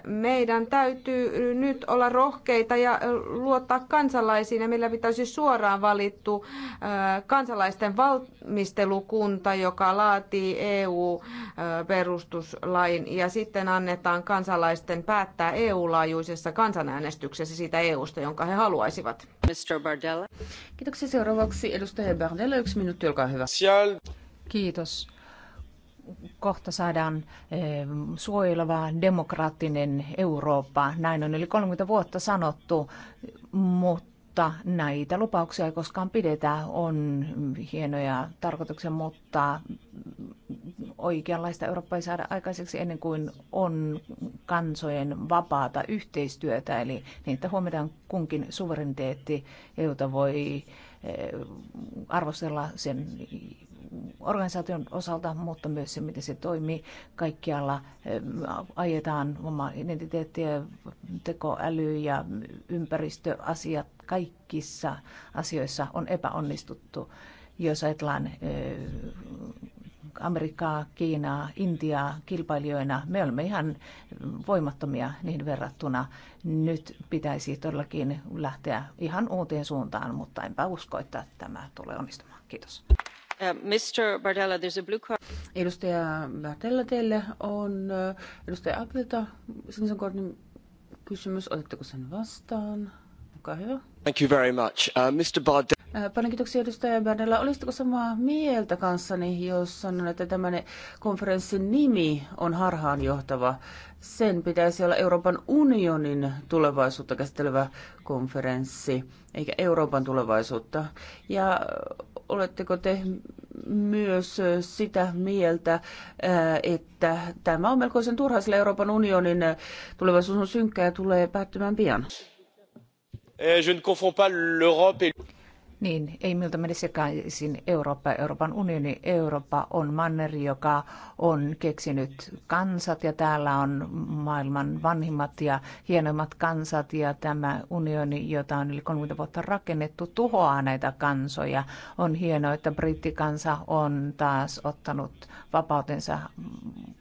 Meidän täytyy nyt olla rohkeita ja luottaa kansalaisiin ja meillä pitäisi suoraan valittu kansalaisten valmistelukunta, joka laatii EU-perustuslain ja sitten annetaan kansalaisten päättää EU-laajuisessa kansanäänestyksessä siitä EUsta, jonka he haluaisivat. Mr. Bardella. Kiitoksia seuraavaksi edustaja Bardella. Yksi minuutti, olkaa hyvä. Kiitos kohta saadaan eh, suojeleva demokraattinen Eurooppa. Näin on yli 30 vuotta sanottu, mutta mutta näitä lupauksia ei koskaan pidetä. On hienoja tarkoituksia, mutta oikeanlaista Eurooppaa ei saada aikaiseksi ennen kuin on kansojen vapaata yhteistyötä, eli että huomioidaan kunkin suvereniteetti, jota voi eh, arvostella sen organisaation osalta, mutta myös se, miten se toimii kaikkialla. Eh, ajetaan oma identiteettiä, tekoäly ja ympäristöasiat kaikissa asioissa on epäonnistuttu. Jos ajatellaan eh, Amerikkaa, Kiinaa, Intiaa kilpailijoina. Me olemme ihan voimattomia niihin verrattuna. Nyt pitäisi todellakin lähteä ihan uuteen suuntaan, mutta enpä usko, että tämä tulee onnistumaan. Kiitos. Uh, Mr. Bardella, there's a blue card. Edustaja Bardella, teille on uh, edustaja Aklilta sinisen kortin kysymys. Otetteko sen vastaan? Olkaa hyvä. Thank you very much. Uh, Mr. Bardella. Uh, paljon kiitoksia edustaja Bernella. Olisitko samaa mieltä kanssani, jos sanon, että tämän konferenssin nimi on harhaanjohtava? Sen pitäisi olla Euroopan unionin tulevaisuutta käsittelevä konferenssi, eikä Euroopan tulevaisuutta. Ja oletteko te myös sitä mieltä, äh, että tämä on melkoisen turha, sillä Euroopan unionin äh, tulevaisuus on synkkä ja tulee päättymään pian? Eh, je ne confonds pas l'Europe et niin ei miltä meni sekaisin Eurooppa. Euroopan unioni, Eurooppa on manneri, joka on keksinyt kansat ja täällä on maailman vanhimmat ja hienoimmat kansat ja tämä unioni, jota on yli 30 vuotta rakennettu, tuhoaa näitä kansoja. On hienoa, että brittikansa on taas ottanut vapautensa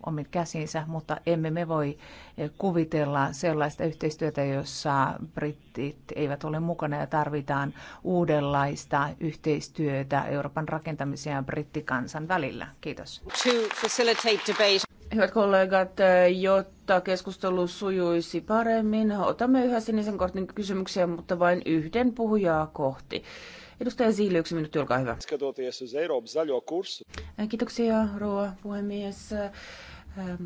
omin käsinsä, mutta emme me voi kuvitella sellaista yhteistyötä, jossa brittit eivät ole mukana ja tarvitaan uudenlaista yhteistyötä Euroopan rakentamisen ja brittikansan välillä. Kiitos. Hyvät kollegat, jotta keskustelu sujuisi paremmin, otamme yhä sinisen kortin kysymyksiä, mutta vain yhden puhujaa kohti. Edustaja Siili, yksi minuutti, olkaa hyvä. Kiitoksia, rouva puhemies. Ehm,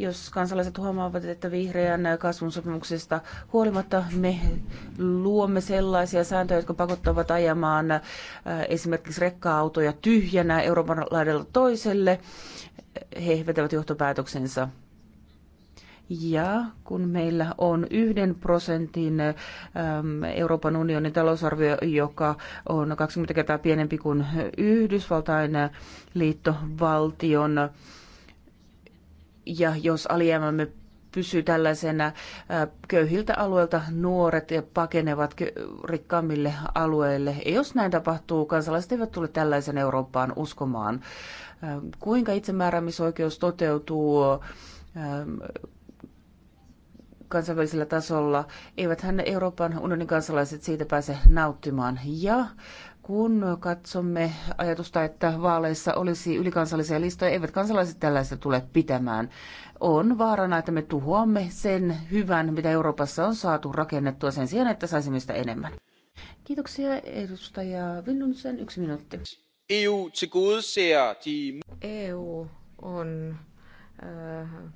jos kansalaiset huomaavat, että vihreän kasvun sopimuksesta huolimatta me luomme sellaisia sääntöjä, jotka pakottavat ajamaan äh, esimerkiksi rekka-autoja tyhjänä Euroopan laidalla toiselle, he vetävät johtopäätöksensä ja kun meillä on yhden prosentin ähm, Euroopan unionin talousarvio, joka on 20 kertaa pienempi kuin Yhdysvaltain liittovaltion ja jos alijäämämme pysyy tällaisena, äh, köyhiltä alueilta nuoret ja pakenevat rikkaammille alueille. Ja jos näin tapahtuu, kansalaiset eivät tule tällaisen Eurooppaan uskomaan. Äh, kuinka itsemääräämisoikeus toteutuu äh, kansainvälisellä tasolla, eivät Euroopan unionin kansalaiset siitä pääse nauttimaan. Ja kun katsomme ajatusta, että vaaleissa olisi ylikansallisia listoja, eivät kansalaiset tällaista tule pitämään. On vaarana, että me tuhoamme sen hyvän, mitä Euroopassa on saatu rakennettua sen sijaan, että saisimme sitä enemmän. Kiitoksia edustaja Vinnunsen. Yksi minuutti. EU, EU e on äh,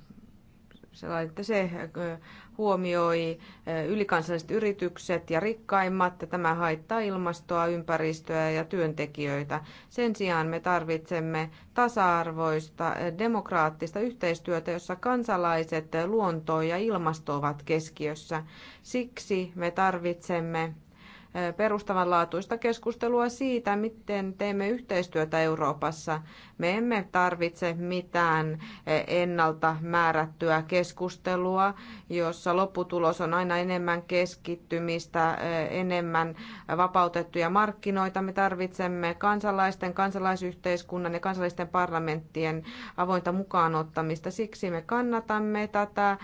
että se äh, huomioi äh, ylikansalliset yritykset ja rikkaimmat. Tämä haittaa ilmastoa, ympäristöä ja työntekijöitä. Sen sijaan me tarvitsemme tasa-arvoista, äh, demokraattista yhteistyötä, jossa kansalaiset, luonto ja ilmasto ovat keskiössä. Siksi me tarvitsemme perustavanlaatuista keskustelua siitä, miten teemme yhteistyötä Euroopassa. Me emme tarvitse mitään eh, ennalta määrättyä keskustelua, jossa lopputulos on aina enemmän keskittymistä, eh, enemmän vapautettuja markkinoita. Me tarvitsemme kansalaisten, kansalaisyhteiskunnan ja kansallisten parlamenttien avointa mukaanottamista. Siksi me kannatamme tätä eh,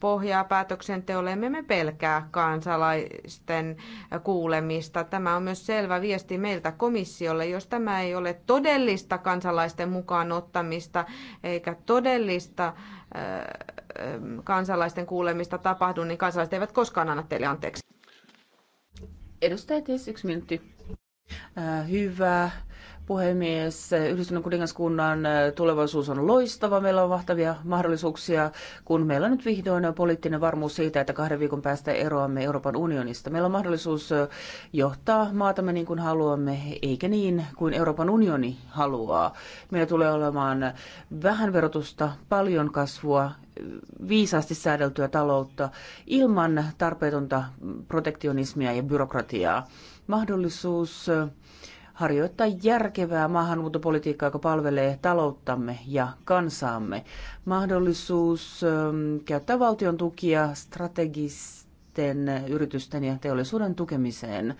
pohjaa päätöksenteolle. Emme me pelkää kansalaisten kuulemista. Tämä on myös selvä viesti meiltä komissiolle. Jos tämä ei ole todellista kansalaisten mukaan ottamista eikä todellista äh, kansalaisten kuulemista tapahdu, niin kansalaiset eivät koskaan anna teille anteeksi. Edustaja Ties, yksi minuutti. Äh, hyvä puhemies. Yhdistyneen kuningaskunnan äh, tulevaisuus on loistava. Meillä on mahtavia mahdollisuuksia, kun meillä on nyt vihdoin poliittinen varmuus siitä, että kahden viikon päästä eroamme Euroopan unionista. Meillä on mahdollisuus äh, johtaa maatamme niin kuin haluamme, eikä niin kuin Euroopan unioni haluaa. Meillä tulee olemaan vähän verotusta, paljon kasvua, äh, viisaasti säädeltyä taloutta ilman tarpeetonta protektionismia ja byrokratiaa. Mahdollisuus harjoittaa järkevää maahanmuuttopolitiikkaa, joka palvelee talouttamme ja kansaamme. Mahdollisuus ähm, käyttää valtion tukia strategisten yritysten ja teollisuuden tukemiseen. Äh,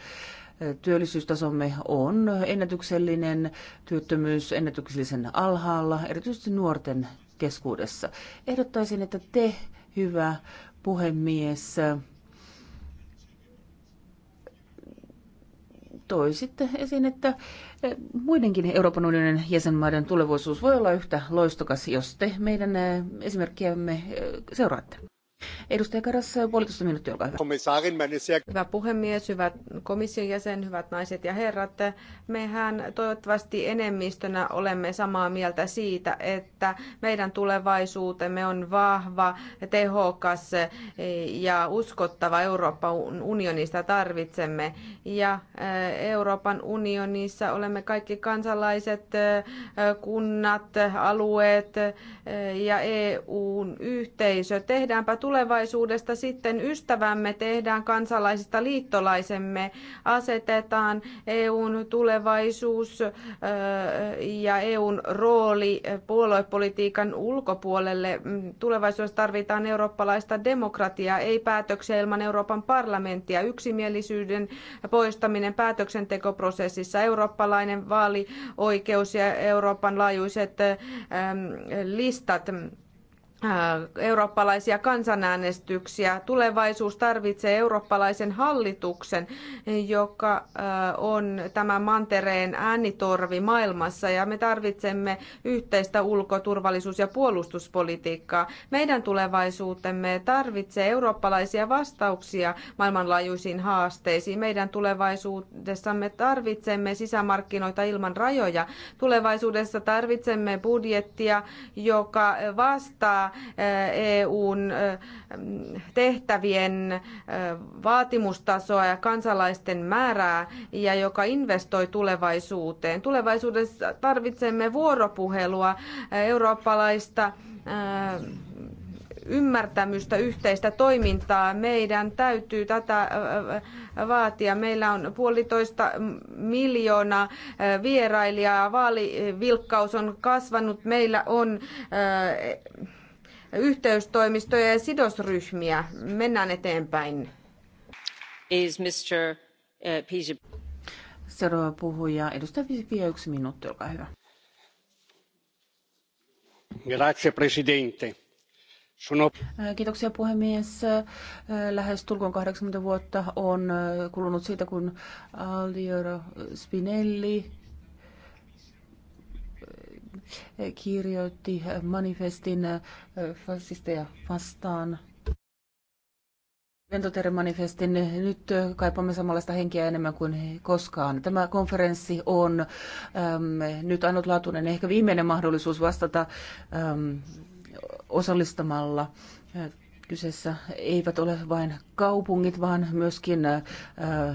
työllisyystasomme on ennätyksellinen, työttömyys ennätyksellisen alhaalla, erityisesti nuorten keskuudessa. Ehdottaisin, että te, hyvä puhemies, sitten esiin, että eh, muidenkin Euroopan unionin jäsenmaiden tulevaisuus voi olla yhtä loistokas, jos te meidän eh, esimerkkiämme eh, seuraatte. Edustaja Karas, puolitoista minuuttia, olkaa hyvä. Hyvä puhemies, hyvät komission jäsen, hyvät naiset ja herrat. Mehän toivottavasti enemmistönä olemme samaa mieltä siitä, että meidän tulevaisuutemme on vahva, tehokas ja uskottava Euroopan unionista tarvitsemme. Ja eh, Euroopan unionissa olemme kaikki kansalaiset, eh, kunnat, alueet eh, ja EUn yhteisö. Tehdäänpä tulevaisuutta tulevaisuudesta sitten ystävämme, tehdään kansalaisista liittolaisemme, asetetaan EUn tulevaisuus ja EUn rooli puoluepolitiikan ulkopuolelle. Mm, tulevaisuudessa tarvitaan eurooppalaista demokratiaa, ei päätöksiä ilman Euroopan parlamenttia, yksimielisyyden poistaminen päätöksentekoprosessissa, eurooppalainen vaalioikeus ja Euroopan laajuiset listat Äh, eurooppalaisia kansanäänestyksiä. Tulevaisuus tarvitsee eurooppalaisen hallituksen, joka äh, on tämän mantereen äänitorvi maailmassa ja me tarvitsemme yhteistä ulkoturvallisuus ja puolustuspolitiikkaa. Meidän tulevaisuutemme tarvitsee eurooppalaisia vastauksia maailmanlaajuisiin haasteisiin. Meidän tulevaisuudessamme tarvitsemme sisämarkkinoita ilman rajoja. Tulevaisuudessa tarvitsemme budjettia, joka vastaa EUn tehtävien vaatimustasoa ja kansalaisten määrää ja joka investoi tulevaisuuteen. Tulevaisuudessa tarvitsemme vuoropuhelua eurooppalaista ymmärtämystä, yhteistä toimintaa. Meidän täytyy tätä vaatia. Meillä on puolitoista miljoonaa vierailijaa, vaalivilkkaus on kasvanut, meillä on yhteystoimistoja ja sidosryhmiä. Mennään eteenpäin. Is Mr. Uh, Peter... Seuraava puhuja, edustaja Pisipiä, yksi minuutti, olkaa hyvä. Grazie, presidente. Äh, kiitoksia puhemies. Lähes tulkoon 80 vuotta on äh, kulunut siitä, kun Aldiero Spinelli kirjoitti manifestin äh, fasisteja vastaan. manifestin nyt äh, kaipaamme samanlaista henkeä enemmän kuin koskaan. Tämä konferenssi on äm, nyt ainutlaatuinen, ehkä viimeinen mahdollisuus vastata äm, osallistamalla Kyseessä eivät ole vain kaupungit, vaan myöskin äh,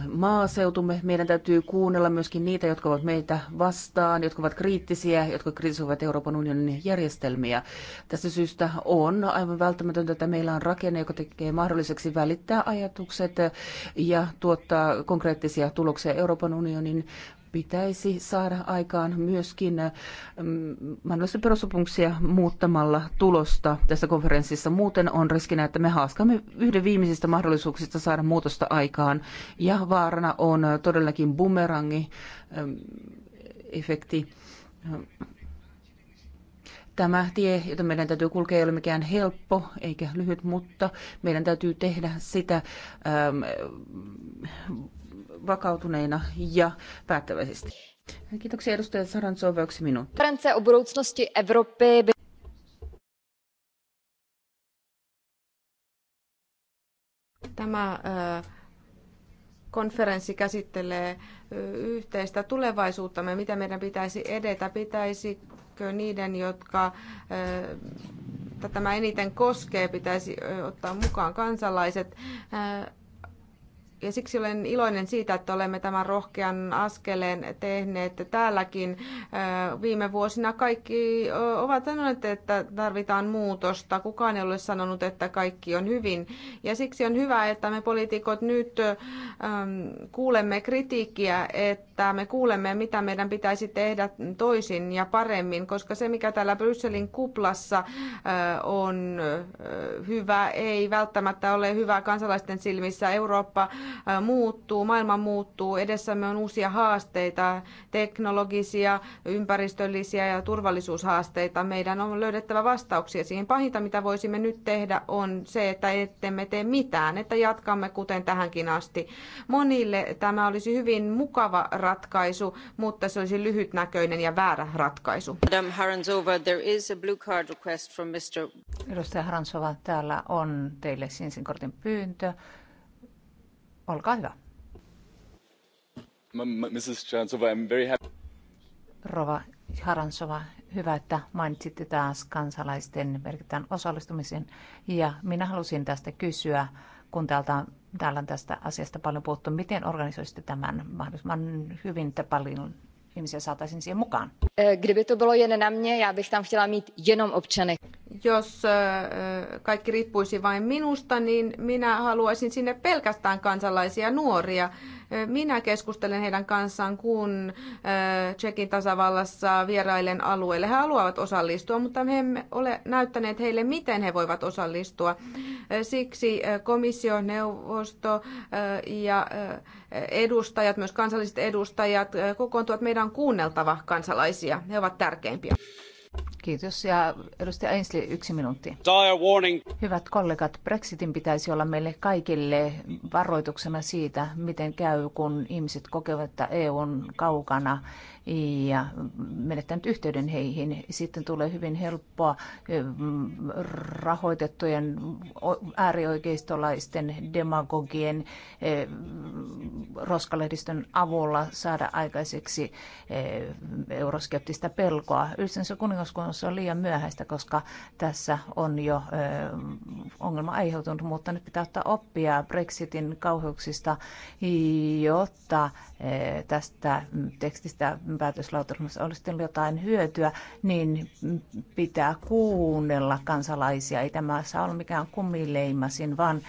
maaseutumme. Meidän täytyy kuunnella myöskin niitä, jotka ovat meitä vastaan, jotka ovat kriittisiä, jotka kritisoivat Euroopan unionin järjestelmiä. Tästä syystä on aivan välttämätöntä, että meillä on rakenne, joka tekee mahdolliseksi välittää ajatukset ja tuottaa konkreettisia tuloksia Euroopan unionin pitäisi saada aikaan myöskin mm, mahdollisia perussopimuksia muuttamalla tulosta tässä konferenssissa. Muuten on riskinä, että me haaskaamme yhden viimeisistä mahdollisuuksista saada muutosta aikaan. Ja vaarana on todellakin bumerangi mm, efekti mm, Tämä tie, jota meidän täytyy kulkea, ei ole mikään helppo eikä lyhyt, mutta meidän täytyy tehdä sitä ähm, vakautuneina ja päättäväisesti. Kiitoksia edustaja Sarantsova, yksi minuutti. tämä äh, konferenssi käsittelee yhteistä tulevaisuuttamme, mitä meidän pitäisi edetä, pitäisikö niiden, jotka tämä eniten koskee, pitäisi ottaa mukaan kansalaiset ja siksi olen iloinen siitä, että olemme tämän rohkean askeleen tehneet täälläkin. Viime vuosina kaikki ovat sanoneet, että tarvitaan muutosta. Kukaan ei ole sanonut, että kaikki on hyvin. Ja siksi on hyvä, että me poliitikot nyt kuulemme kritiikkiä, että me kuulemme, mitä meidän pitäisi tehdä toisin ja paremmin, koska se, mikä täällä Brysselin kuplassa on hyvä, ei välttämättä ole hyvä kansalaisten silmissä. Eurooppa muuttuu, maailma muuttuu, edessämme on uusia haasteita, teknologisia, ympäristöllisiä ja turvallisuushaasteita. Meidän on löydettävä vastauksia siihen. Pahinta, mitä voisimme nyt tehdä, on se, että ettemme tee mitään, että jatkamme kuten tähänkin asti. Monille tämä olisi hyvin mukava ratkaisu, mutta se olisi lyhytnäköinen ja väärä ratkaisu. Madam Haranzova, there is a blue card request from Mr. Edustaja Haransova, täällä on teille sinisen kortin pyyntö. Olkaa hyvä. Rova Haransova, hyvä, että mainitsitte taas kansalaisten merkittävän osallistumisen. Ja minä halusin tästä kysyä, kun täältä täällä on tästä asiasta paljon puhuttu, miten organisoisitte tämän mahdollisimman hyvin, paljon ihmisiä saataisiin siihen mukaan. E, to tam jenom Jos kaikki riippuisi vain minusta, niin minä haluaisin sinne pelkästään kansalaisia nuoria. Minä keskustelen heidän kanssaan, kun Tsekin tasavallassa vierailen alueelle. He haluavat osallistua, mutta me emme ole näyttäneet heille, miten he voivat osallistua. Siksi komissio, neuvosto ja edustajat, myös kansalliset edustajat, kokoontuvat meidän on kuunneltava kansalaisia. He ovat tärkeimpiä. Kiitos. Ja edustaja Ainsley, yksi minuutti. Hyvät kollegat, Brexitin pitäisi olla meille kaikille varoituksena siitä, miten käy, kun ihmiset kokevat, että EU on kaukana ja menettänyt yhteyden heihin. Sitten tulee hyvin helppoa rahoitettujen äärioikeistolaisten demagogien roskalehdistön avulla saada aikaiseksi euroskeptistä pelkoa. Yhdessä kuningaskunnassa on liian myöhäistä, koska tässä on jo ongelma aiheutunut, mutta nyt pitää ottaa oppia Brexitin kauheuksista, jotta tästä tekstistä päätöslautakunnassa olisi jotain hyötyä, niin pitää kuunnella kansalaisia. Ei tämä saa olla mikään kumileimasin, vaan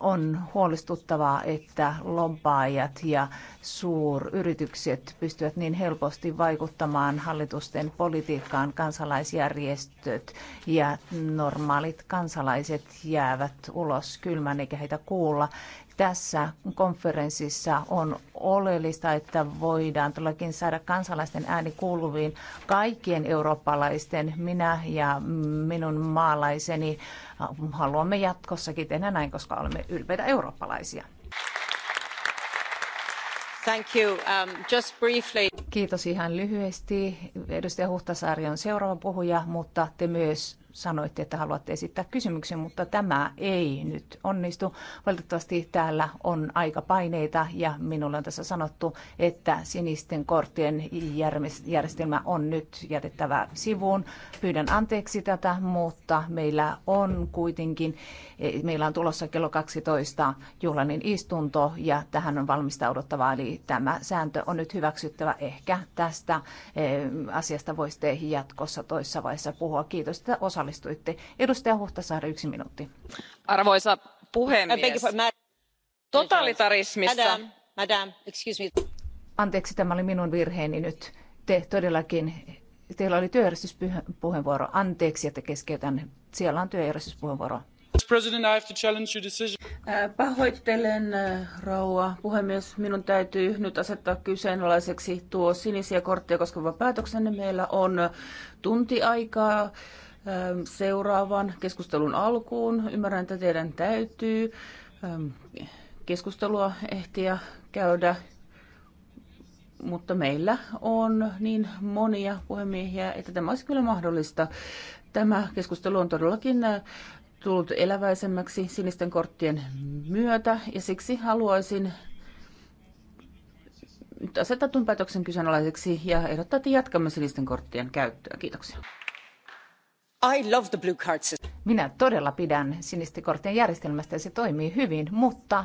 on huolestuttavaa, että lompaajat ja suuryritykset pystyvät niin helposti vaikuttamaan hallitusten politiikkaan. Kansalaisjärjestöt ja normaalit kansalaiset jäävät ulos kylmän eikä heitä kuulla tässä konferenssissa on oleellista, että voidaan todellakin saada kansalaisten ääni kuuluviin kaikkien eurooppalaisten. Minä ja minun maalaiseni haluamme jatkossakin tehdä näin, koska olemme ylpeitä eurooppalaisia. Thank you. Um, just briefly. Kiitos ihan lyhyesti. Edustaja Huhtasaari on seuraava puhuja, mutta te myös sanoitte, että haluatte esittää kysymyksen, mutta tämä ei nyt onnistu. Valitettavasti täällä on aika paineita ja minulle on tässä sanottu, että sinisten korttien järjestelmä on nyt jätettävä sivuun. Pyydän anteeksi tätä, mutta meillä on kuitenkin, eh, meillä on tulossa kello 12 juhlanin istunto ja tähän on valmistauduttava, eli tämä sääntö on nyt hyväksyttävä. Ehkä tästä eh, asiasta voisitte jatkossa toissa vaiheessa puhua. Kiitos, että osa osallistuitte. Edustaja Huhtasaari, yksi minuutti. Arvoisa puhemies, totalitarismissa... Madam, madam, excuse me. Anteeksi, tämä oli minun virheeni nyt. Te todellakin, teillä oli työjärjestyspuheenvuoro. Anteeksi, että keskeytän. Siellä on työjärjestyspuheenvuoro. Äh, pahoittelen, äh, rouva puhemies. Minun täytyy nyt asettaa kyseenalaiseksi tuo sinisiä kortteja koskeva päätöksenne. Meillä on tunti aikaa seuraavan keskustelun alkuun. Ymmärrän, että teidän täytyy keskustelua ehtiä käydä, mutta meillä on niin monia puhemiehiä, että tämä olisi kyllä mahdollista. Tämä keskustelu on todellakin äh, tullut eläväisemmäksi sinisten korttien myötä ja siksi haluaisin nyt asetetun päätöksen kyseenalaiseksi ja ehdottaa, että jatkamme sinisten korttien käyttöä. Kiitoksia. I love the blue card system. Minä todella pidän sinisten korttien järjestelmästä ja se toimii hyvin, mutta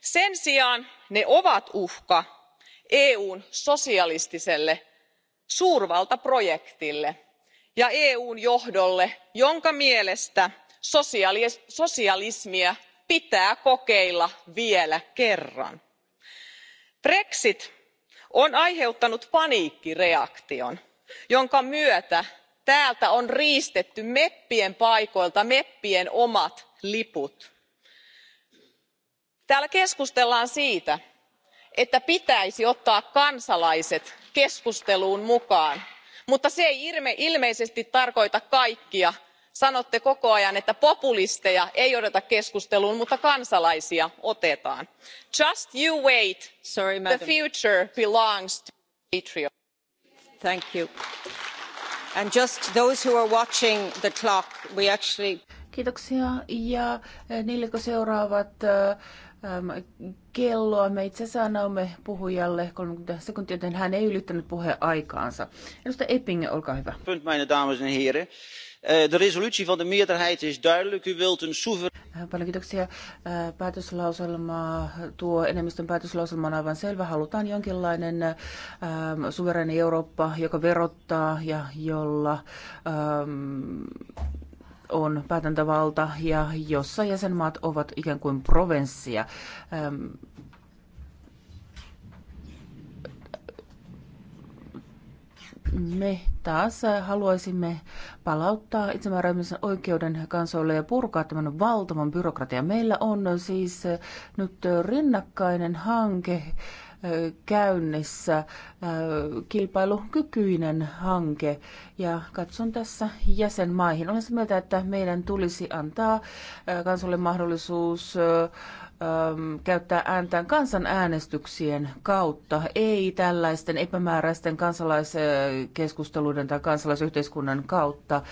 sen sijaan ne ovat uhka eun sosialistiselle suurvaltaprojektille ja eun johdolle jonka mielestä sosialismia pitää kokeilla vielä kerran. brexit on aiheuttanut paniikkireaktion jonka myötä täältä on riistetty meppien paikoilta meppien omat liput täällä keskustellaan siitä että pitäisi ottaa kansalaiset keskusteluun mukaan mutta se ei ilmeisesti tarkoita kaikkia. sanotte koko ajan että populisteja ei oteta keskusteluun mutta kansalaisia otetaan. just you wait the future belongs to the patriots. kiitoksia ja eh, niille jotka seuraavat eh, Ähm, kelloa. Me itse sanomme puhujalle 30 sekuntia, joten hän ei ylittänyt puheen aikaansa. Edustaja Eppinge, olkaa hyvä. Punt, meine dames en heren. Eh, de resolutie van de meerderheid is duidelijk. U wilt een soeverein... Äh, paljon kiitoksia. Äh, päätöslauselma, tuo enemmistön päätöslauselma on aivan selvä. Halutaan jonkinlainen ähm, suvereni Eurooppa, joka verottaa ja jolla ähm, on päätäntävalta ja jossa jäsenmaat ovat ikään kuin provenssia. Ehm, me taas haluaisimme palauttaa itsemääräämisen oikeuden kansoille ja purkaa tämän valtavan byrokratian. Meillä on siis nyt rinnakkainen hanke käynnissä kilpailukykyinen hanke. Ja katson tässä jäsenmaihin. Olen sitä mieltä, että meidän tulisi antaa kansalle mahdollisuus käyttää ääntään kansanäänestyksien kautta, ei tällaisten epämääräisten kansalaiskeskusteluiden tai kansalaisyhteiskunnan kautta.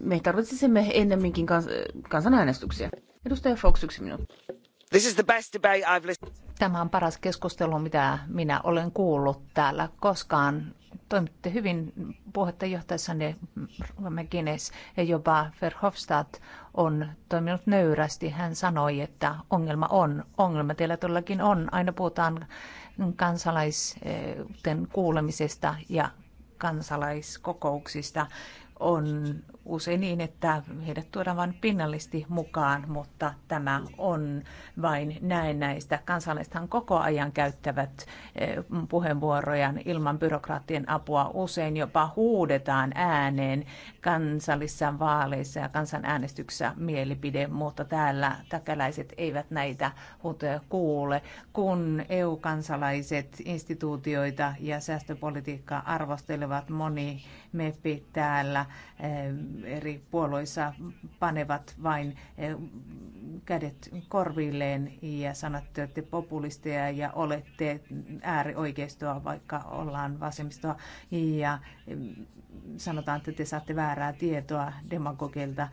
Me tarvitsisimme ennemminkin kansanäänestyksiä. Edustaja Fox, yksi minuutti. Tämä on paras keskustelu, mitä minä olen kuullut täällä koskaan. Toimitte hyvin puheenjohtajanne McGuinness ja jopa Verhofstadt on toiminut nöyrästi. Hän sanoi, että ongelma on. Ongelma teillä todellakin on. Aina puhutaan kansalaisten kuulemisesta ja kansalaiskokouksista on usein niin, että heidät tuodaan vain pinnallisesti mukaan, mutta tämä on vain näin näistä. Kansalaisethan koko ajan käyttävät eh, puheenvuoroja ilman byrokraattien apua. Usein jopa huudetaan ääneen kansallisissa vaaleissa ja kansanäänestyksessä mielipide, mutta täällä täkäläiset eivät näitä huutoja kuule. Kun EU-kansalaiset instituutioita ja säästöpolitiikkaa arvostelevat, moni meppi täällä eh, eri puolueissa panevat vain eh, kädet korvilleen ja sanotte, että populisteja ja olette äärioikeistoa, vaikka ollaan vasemmistoa ja mm, sanotaan, että te saatte väärää tietoa demagogilta.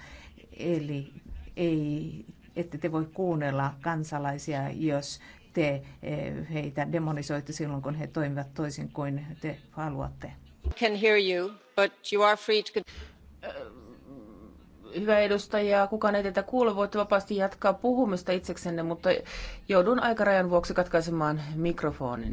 Eli ei, ette te voi kuunnella kansalaisia, jos te eh, heitä demonisoitte silloin, kun he toimivat toisin kuin te haluatte. Can hear you, but you are free to hyvä edustaja, kukaan ei teitä kuule, voitte vapaasti jatkaa puhumista itseksenne, mutta joudun aikarajan vuoksi katkaisemaan mikrofonin.